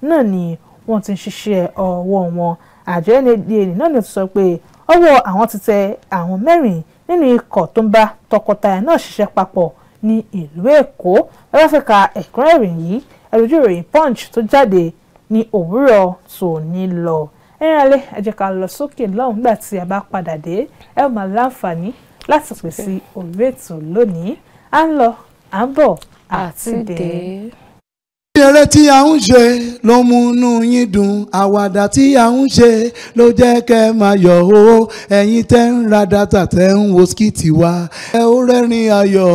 náà ni wọ́n ti ń ṣiṣẹ́ ọwọ́ wọn àjọ ndna náà ni ó ti sọ pé ọwọ́ àwọn ti tẹ àwọn mẹ́rin nínú ikọ̀ tó ń bá tọkọtaya náà ṣiṣẹ́ papọ̀ ní ìlú èkó láfíríkà ẹ̀kúnrẹ́rìn yìí ẹlòjú ìròyìn punch tó jáde ní òwúrọ̀ tòní lọ ẹ̀rín alẹ́ ẹ jẹ́ ká lọ sókè lọ́hùn nígbà tí a bá padà dé ẹ ó máa láǹfààní láti pèsè òwe ètò lónìí à ń lọ à ń bọ̀ àtidé. Eré tí a ń ṣe ló mú inú yín dùn, àwàdà tí a ń ṣe ló jẹ́ kẹ́ máa yọ̀ o, ẹ̀yin tẹ́ ń ra dátà tẹ́ ń wo skìtì wa, ẹ ó rẹ́rìn ayọ̀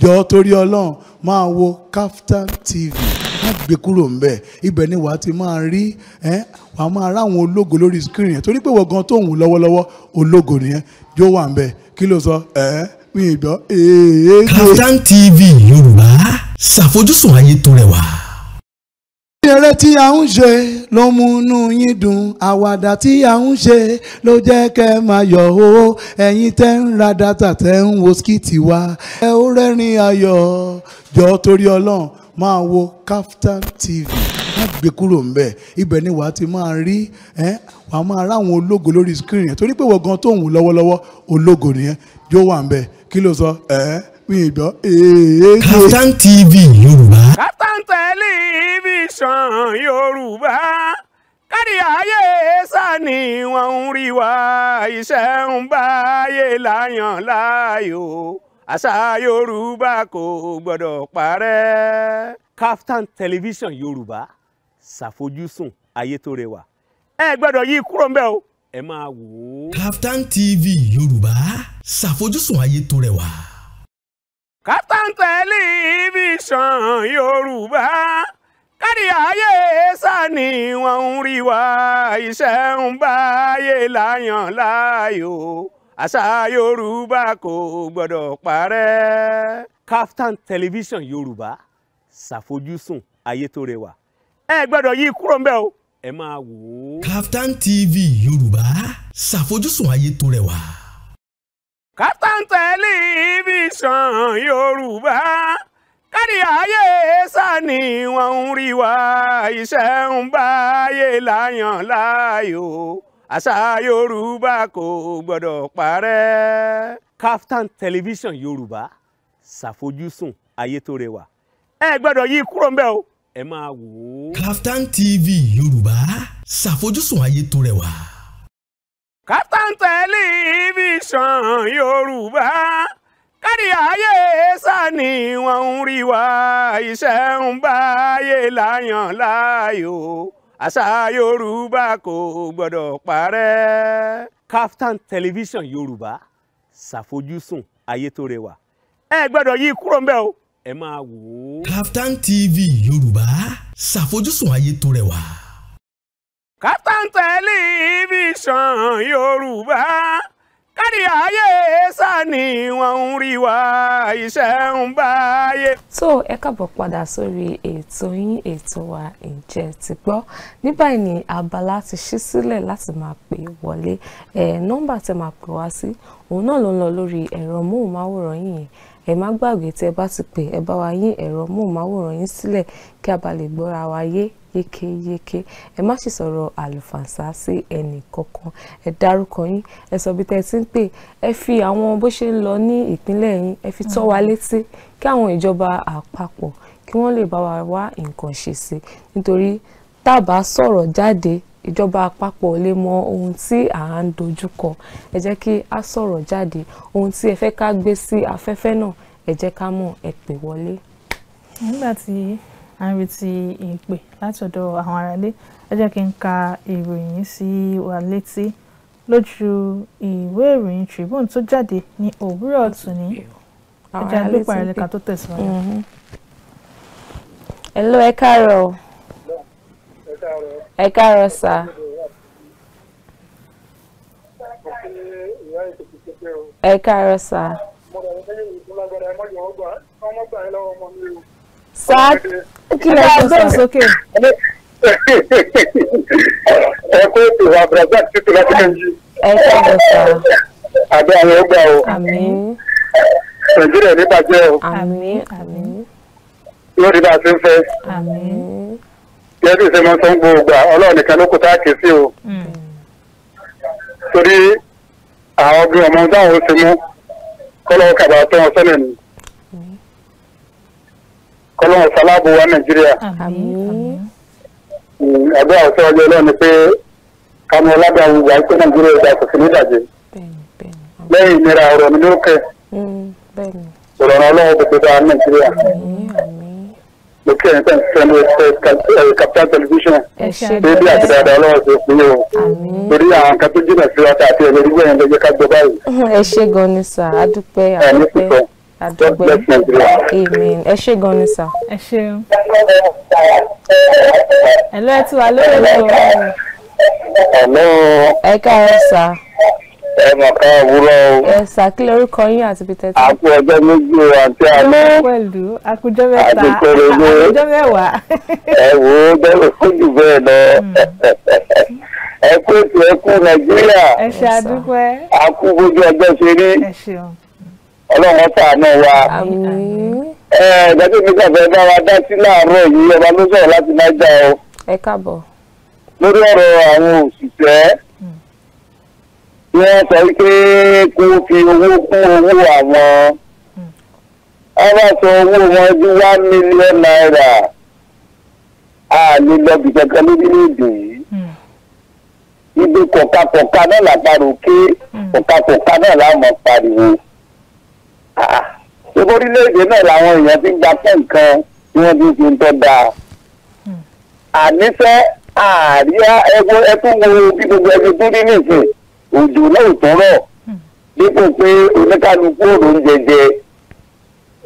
jọ torí ọlọ́run máa wo Kaftan TV má gbé kúrò ńbẹ̀ ibẹ̀ ni wàá ti máa rí ẹ wàá máa ráwọn ológo lórí screen yẹn torí pé wọ́n gan tóun lọ́wọ́lọ́wọ́ ológo nìyẹn jó wà ńbẹ̀ kí ló sọ ẹ mi Kaftan TV Yorùbá ṣàfojúsùn ayé tó rẹwà. eré tí a ń ṣe ló mú inú yín dùn àwàdà tí a ń ṣe ló jẹ́ kẹ́ máa yọ̀ o ẹ̀yin tẹ́ ń ra dátà tẹ́ ń wo skìtì wa ẹ ó rẹ́rìn ayọ̀ jọ torí ọlọ́run máa wo Kaftan TV má gbé kúrò ń bẹ̀ ibẹ̀ ni wàá ti máa rí wàá máa ráwọn ológo lórí skírìn yẹn torí pé wọ́n gan tó ológo nìyẹn jó wà ń kí ló sọ ẹ mi gbọ́ èèyàn. Kaftan TV Yorùbá. Kaftan tẹlifíṣàn Yorùbá kárí ayé sá ni ń rí wa iṣẹ́ ń bá ayé láyàn láàyò àṣà Yorùbá kò gbọ́dọ̀ parẹ́. Kaftan tẹlifíṣàn Yorùbá ṣàfojúsùn ayé tó rẹwà ẹ gbọ́dọ̀ yí kúrò ń bẹ̀ o ẹ máa wò ó. Kaftan TV Yorùbá ṣàfojúsùn ayé tó rẹwà. Kaftan Television Yorùbá kárí ayé sá ni wọ́n ń rí wa iṣẹ́ ń bá láyàn láàyò àṣà Yorùbá kò gbọ́dọ̀ parẹ́. Kaftan Television Yorùbá ṣàfojúsùn ayé tó rẹwà ẹ gbọ́dọ̀ yí kúrò ń bẹ̀ o ẹ máa wò ó. Kaftan TV Yorùbá ṣàfojúsùn ayé tó rẹwà. Kaftan Television Yorùbá kárí ayé sani wọn ń rí wa iṣẹ́ ń bá ayé láyàn láàyò àṣà Yorùbá kò gbọ́dọ̀ parẹ́. Kaftan Television Yorùbá ṣàfojúsùn ayé tó rẹwà ẹ gbọ́dọ̀ yí kúrò ń bẹ̀ o ẹ máa wò ó. Kaftan TV Yorùbá ṣàfojúsùn ayé tó rẹwà. Kaftan Television Yorùbá kárí ayé sani wọn ń rí wa iṣẹ́ ń bá ayé láyàn láàyò àṣà Yorùbá kò gbọ́dọ̀ parẹ́. Kaftan Television Yorùbá ṣàfojúsùn ayé tó rẹwà ẹ gbọ́dọ̀ yí kúrò ń bẹ̀ o ẹ máa wò ó. Kaftan TV Yorùbá ṣàfojúsùn ayé tó rẹwà. Captain Television Yorùbá kárí ayé sani wọn ń rí wa iṣẹ́ ń bá ayé. tó ẹ káàbọ̀ padà sórí ètò yín ètò wa ǹjẹ́ ti gbọ́ ní báyìí ni abala ti ṣí sílẹ̀ láti máa pè wọlé ẹ̀ nọ́mbà tẹ máa pè wá sí òun náà ló ń lọ lórí ẹ̀rọ móhùnmáwòrán yìnyín ẹ má gbàgbé tẹ́ bá ti pè ẹ bá wa yín ẹ̀rọ móhùnmáwòrán yín sílẹ̀ kí a bá lè gbọ́ra wa yé yékéyéké ẹ má sì sọ̀rọ̀ àlùfànṣá sí ẹnì kankan ẹ dárúkọ yín ẹ sọ bí tẹ́ ẹ ti ń pè ẹ fi àwọn bó ṣe ń lọ ní ìpínlẹ̀ yín ẹ fi tọ́ wa létí kí àwọn ìjọba àpapọ̀ kí wọ́n lè bá wa wá nǹkan ṣe sí nítorí tá a bá sọ̀rọ̀ jáde ìjọba àpapọ̀ lè mọ ohun tí à ń dojú kọ ẹ jẹ́ kí a sọ̀rọ̀ jáde ohun tí ẹ fẹ́ ká gbé sí afẹ́fẹ́ náà ẹ jẹ́ ká mọ̀ ẹ pè wọlé. nígbà tí a ń retí ìpè láti ọ̀dọ̀ àwọn aráalé ẹ jẹ́ kí n ka ìròyìn sí wa létí lójú ìwé ìròyìn Tribune tó jáde ní òwúrọ̀ tòní ẹja ló parí ẹ̀ka tó tẹ̀síwájú. ẹ mhm. lọ ẹ káàárọ̀ ẹ káàárọ̀ sà. ẹ káàárọ̀ sà. sà kí lè sọ sà sókè. ẹ kó ètò abdulrasaq títí láti kẹ́ńjì. ẹ káàárọ̀ sà. àbẹ àwọn ọgbà o. àmín. nàìjíríà ní bàjẹ́ o. àmín àmín. yóò bá a ti ń fẹ́. àmín bẹ́ẹ̀ sì ṣe máa ń sọ gbogbo ọlọ́run nìkan ló kó tá a ké sí o hmm. torí àwọn ọdún ọmọ táwọn ó ṣe mú kọ́lọ́wọ́ kàbà tó wọn sọ́nà ni kọ́lọ́wọ́ sálábù wa nàìjíríà àdúrà ọ̀sẹ̀ hmm, ọjọ́ ọlọ́run ni pé kánú ọlábàáwù wà pé nàìjíríà ìgbà kò sí ní ìdàjẹ́ lẹ́yìn ìnira ọ̀rọ̀ mi ló kẹ́ hmm, ọ̀rọ̀ ọlọ́run kò tó dáa nàìjíríà mo kí ẹ̀yin tẹ́ǹtì sẹ́ni ẹ̀ Kaftan television lórí àtìdáadá ọlọ́wọ́ sí ìpínlẹ̀ o lórí àwọn kan tó jìnnà sí wáta àti ẹ̀lẹ́rí wẹ̀yìn ló jẹ́ ká gbọ́ báyìí. ẹ ṣé gan ni sà á dúpẹ́ àdúpẹ́ àdúpẹ́ amen ẹ ṣé gan ni sà. ẹ ṣeun. ẹ̀lọ́ ẹ̀ tí wà lórí ẹ̀lọ́. ẹ káàárọ̀ sà ẹ mọ̀ ká òwúrọ̀ o. ẹ ṣàkílẹ̀ orúkọ yín àti ibi tẹ́tí. àkú ọjọ́ méjì o àti àná. pẹ̀lú àkójọ mẹ́ta àkójọ mẹ́wàá. ẹ wo bẹ́ẹ̀ ó jù bẹ́ẹ̀ lọ. Hmm. ẹ kú ètò ẹ kú nàìjíríà. ẹ ṣe àdúpẹ́. a kú bójú ọjọ́ ṣe rí. ẹ ṣeun. ọlọ́run ṣàánú wa. ẹ gbàgbé mi kàfẹ́ bá wa dá sí láàárọ̀ yìí ọba ló sọ̀rọ̀ láti má já o. ẹ káàbọ̀. lórí ọ̀rọ̀ àwọn òṣìṣẹ́ wọ́n sọ pé kó fi owó kún owó àwọn ọba sọ owó wọn bí one million naira a lè lọ bí kankan lórílẹ̀ yìí ibi kọ̀kakọ̀ka náà làpárò ké kọ̀kakọ̀ka náà làwọn pariwo ah, ṣé orílẹ̀ náà làwọn èèyàn ti gba fún nǹkan tí wọ́n ti ń tọ́ da àníṣe àríyá ẹgbẹ́ ẹkún bí gbogbo ẹni tó rí nìsín òjò náà tọrọ hmm. dípò pé oníkálukú òrò ń jẹjẹ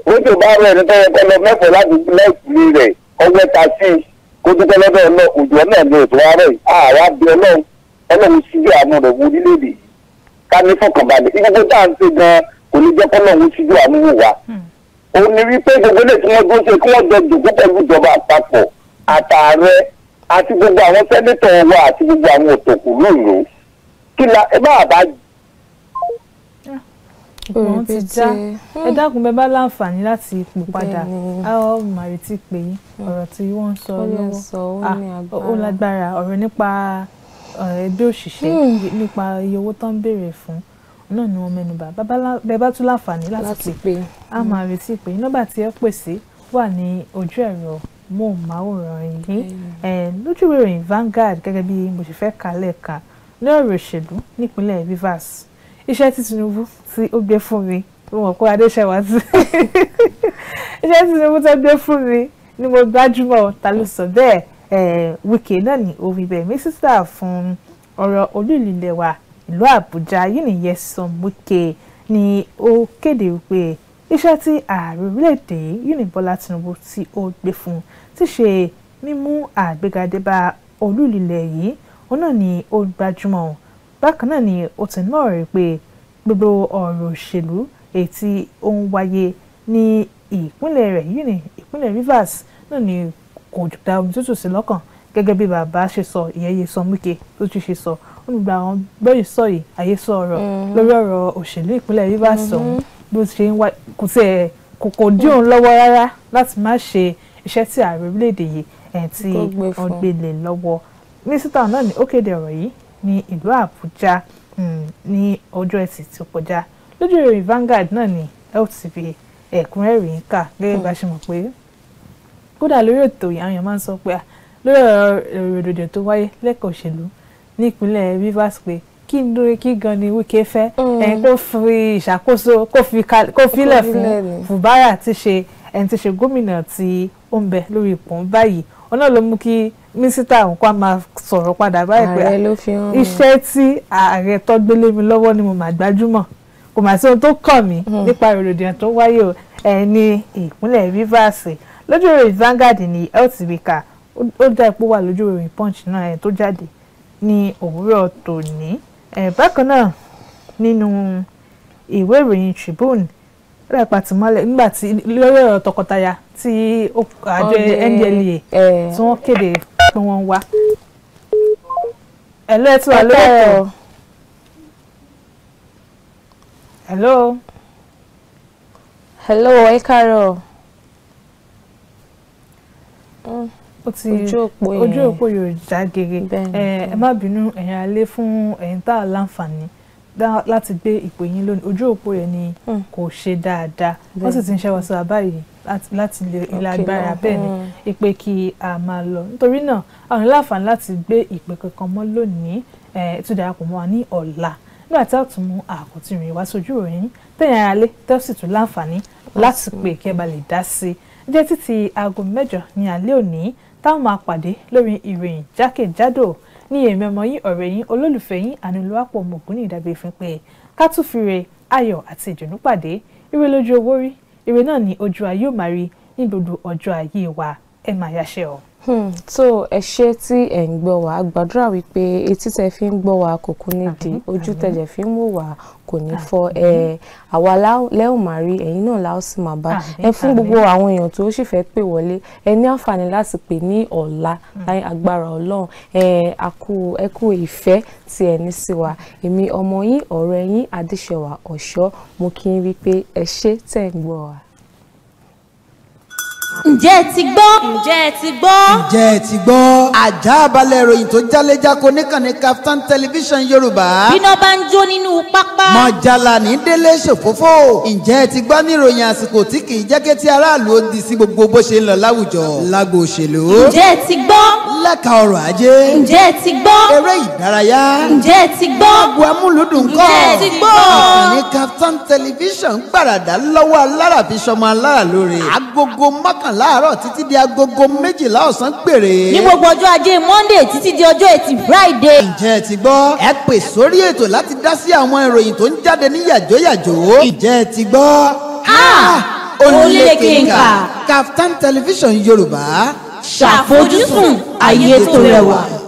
lójú bá rẹ ní tọwọ kọlọ mẹfọ láti gbilẹ ìpìlẹ rẹ ọwọ́ ta sí i kó dúpẹ́ lọ́dọ̀ ọlọ òjò náà ní ètò ààrẹ ààrẹ àbí Ọlọ́run Ọlọ́run síbi àánú rẹ wo orílẹ̀-èdè yìí ká ní fọkànbalẹ̀ gbogbo tá à ń ṣe gan kò ní jẹ́ kọ́lọ́run síbi àánú wò wá. Hmm. òun ni wípé gbogbo ilé tí wọ́n dún ṣe kí wọ́n jọ jòkó pẹ̀lú ìjọba àpapọ̀ àtààrẹ àti gbogbo àwọn sẹ́nétọ̀ wa àti gbogbo àwọn òtòkùnrin ìlú kí la ẹ bá bá yìí. òun ti já ẹ dákun bẹ bá láǹfààní láti ipò padà àwọn màrí ti pè yín ọ̀rọ̀ tí wọ́n ń sọ lọ́wọ́ ó lágbára ọ̀rọ̀ nípa ẹgbẹ́ òṣìṣẹ́ hmm. nípa iye owó tó ń béèrè fún náà ni wọ́n mẹ́nubà bẹ bá tún láǹfààní láti pè á máa hmm. retí pé nọ́mbà tí ẹ pè sí wà ní ojú ẹ̀rọ móhùnmáwòrán yìí lójú ìròyìn Vanguard gẹ́gẹ́ bí mo ṣe fẹ́ kálẹ̀ kan ní ọ̀rọ̀ òṣèlú nípínlẹ̀ Rivers iṣẹ́ tí Tinubu tí ó gbé fún mi mo mọ̀ pé Adéṣẹ́wà ti iṣẹ́ tí Tinubu tó gbé fún mi ni mo gbájúmọ̀ ta ló sọ bẹ́ẹ̀ Wike náà ni orin bẹ́ẹ̀ mísísítà fún ọ̀rọ̀ olú ìlú wa ìlú Àbújá yìí ni Nyesom Wike ni ó kéde wípé iṣẹ́ tí ààrẹ orílẹ̀-èdè yìí ni Bọ́lá Tinubu tí ó gbé fún ti ṣe mímú àgbégadé bá olú ìlú yìí òun náà ni ó gbajúmọ̀ bákan náà ni ó ti náà rí pé gbogbo ọ̀rọ̀ òṣèlú èyí tí wáyé ní ìpínlẹ̀ rẹ̀ yìí ni ìpínlẹ̀ Rivers náà ni kò dá omi tútù sí lọ́kàn gẹ́gẹ́ bí bàbá ṣe sọ ìyẹn yé sọ múke tó ti ṣe sọ ó ní gba àwọn bẹ́ẹ̀ sọ yìí àyè sọ ọ̀rọ̀ mm-hmm. lórí ọ̀rọ̀ òṣèlú ìpínlẹ̀ Rivers mm-hmm. ọ̀hún bí ó ti ṣe ń wá kò tiẹ̀ kò dí òun lọ́wọ́ rárá láti má ṣe iṣẹ́ tí ààrẹ orílẹ̀-èdè yìí ẹ̀ tí wọ́n lọ́wọ́ mínísítà náà ni ó kéde ọ̀rọ̀ yìí ní ìlú àbújá hmm, ní ọjọ́ ẹtì tó kọjá lójú ìròyìn Vanguard náà ni LTV ẹ̀kúnrẹ́rì ń kà gẹ́gẹ́ bá ṣe mọ̀ pé kódà lórí ètò yìí àwọn èèyàn máa ń sọ pé lórí ọ̀rọ̀ ìròdòdò tó wáyé lẹ́kọ̀ọ́ òṣèlú nípínlẹ̀ Rivers pé kí n lórí kí gan ni Wike fẹ́ mm. ẹni kó fi ìṣàkóso kó filẹ̀ fún Fubara ti ṣe ẹni ti ṣe gómìnà tí ó ń bẹ lórí ipò ń báyìí wọn náà ló mú kí mínísítà nǹkan á máa sọ̀rọ̀ padà báyìí pé iṣẹ́ tí ààrẹ tó mi lọ́wọ́ ni mo máa gbájúmọ̀ kò mà sí ohun tó kàn mí hmm. nípa ìròdìyàn tó wáyé o ẹni ìpínlẹ̀ Rivers lójú ìròyìn Vanguard ni health wika ó dá epo wà lójú ìròyìn Punch náà tó jáde ní òwúrọ̀ tòní bákan náà nínú ìwé ìròyìn Tribune rẹ̀ pàtìmọ́lẹ̀ nígbà tí lórí ọ̀rọ̀ tọkọtaya tí àjọ NDLEA tí wọ́n kéde pé wọ́n ń wá. ẹ̀lọ́ ẹ̀ tí wà lórí ẹ̀kọ́. hello. hello ẹ káàárọ̀. Mm, ojú òpó yẹn ojú òpó yóò já gèrè ẹ má bínú ẹ̀yin alẹ́ fún ẹ̀yin tá a láǹfààní láti gbé ìpè yín lónìí ojú òpó yẹn ni hmm. kò ṣe dáadáa wọ́n sì ti ń ṣe wàásù àbáyé láti lè ilé agbára hmm. bẹ́ẹ̀ ni ìpè kí a máa lọ nítorí náà àwọn láǹfààní láti gbé ìpè kankan mọ́ lónìí tún darapọ̀ mọ́ wa ní ọ̀la nígbà tí a tún mú àkótí ìrìn wá sójú ìròyìn tẹ̀yìn ara lé tẹ́ sì tún láǹfààní láti pè kí ẹ bá lè dá sí i jẹ́ títí aago mẹ́jọ ní alẹ́ òní táwọn máa pàdé lórí ìròyìn jákèjádò ní èmi ọmọ yín ọ̀rẹ́ yín olólùfẹ́ yín ànúlùwàpọ̀ ọmọkùnrin ìdàgbé ìfín pé ká tún fi re ayọ̀ àti ìdùnnú pàdé ire lójú owó rí ire náà ní ojú ayé ò máa rí ní gbogbo ọjọ́ ayé wa ẹ máa yáṣẹ́ o hmm so ẹ ṣe tí ẹ ń gbọ́ wá gbàdúrà wípé etí tẹ fi ń gbọ́ wá kò kú nídìí ojú tẹ̀jẹ̀ fi ń wò wá kò ní fọ́ ẹ àwa lẹ́hùn máa rí ẹ̀yin náà láò sì máa bá ẹ fún gbogbo àwọn èèyàn tó sì fẹ́ pè wọlé ẹ ní àǹfààní láti pè ní ọ̀la hmm. láì agbára ọlọ́run ẹ àkú ìfẹ́ tí ẹ ní sí wa èmi ọmọ yín ọ̀rẹ́ yín adéṣẹwà ọ̀ṣọ́ mo kí n wípé ẹ ṣe tẹ̀ ń gbọ́ wa ǹjẹ́ ẹ ti gbọ́. ǹjẹ́ ẹ ti gbọ́. ǹjẹ́ ẹ ti gbọ́. àjà balẹ̀ ìròyìn tó jálẹ̀jáko níkànnì Kaftan television yorùbá. bíná bá ń jó nínú pápá. mọ̀jàlá ní délé ṣòfófó. ǹjẹ́ ẹ ti gbọ́ ní ìròyìn àsìkò tí kì í jẹ́ kí ti aráàlú ó di sí gbogbo bó ṣe ń lọ láwùjọ. lágbo òṣèlú. ǹjẹ́ ẹ ti gbọ́. lẹ́ka ọrọ̀ ajé. ǹjẹ́ ẹ ti gbọ́. eré ìdárayá. ǹjẹ́ ẹ ti gbọ́. agbo amúlùdùn kọ́. ǹjẹ́ ẹ ti gbọ́. ìkànnì Kaftan television gbàràdà lọ́wọ́ alára fi ṣọmọ alára lóore. agogo mọ́k mọ́kàn láàárọ̀ títí di agogo méjìlá ọ̀sán péré. ní gbogbo ọjọ́ ajé monday títí di ọjọ́ ẹtì friday. ǹjẹ́ ẹ ti gbọ́ ẹ pè sórí ètò láti dá sí àwọn ìròyìn tó ń jáde ní yàjóyàjó. ǹjẹ́ ẹ ti gbọ́. olùlékè nkà Kaftan television yorùbá ṣàfojúsùn ayé tó rẹwà.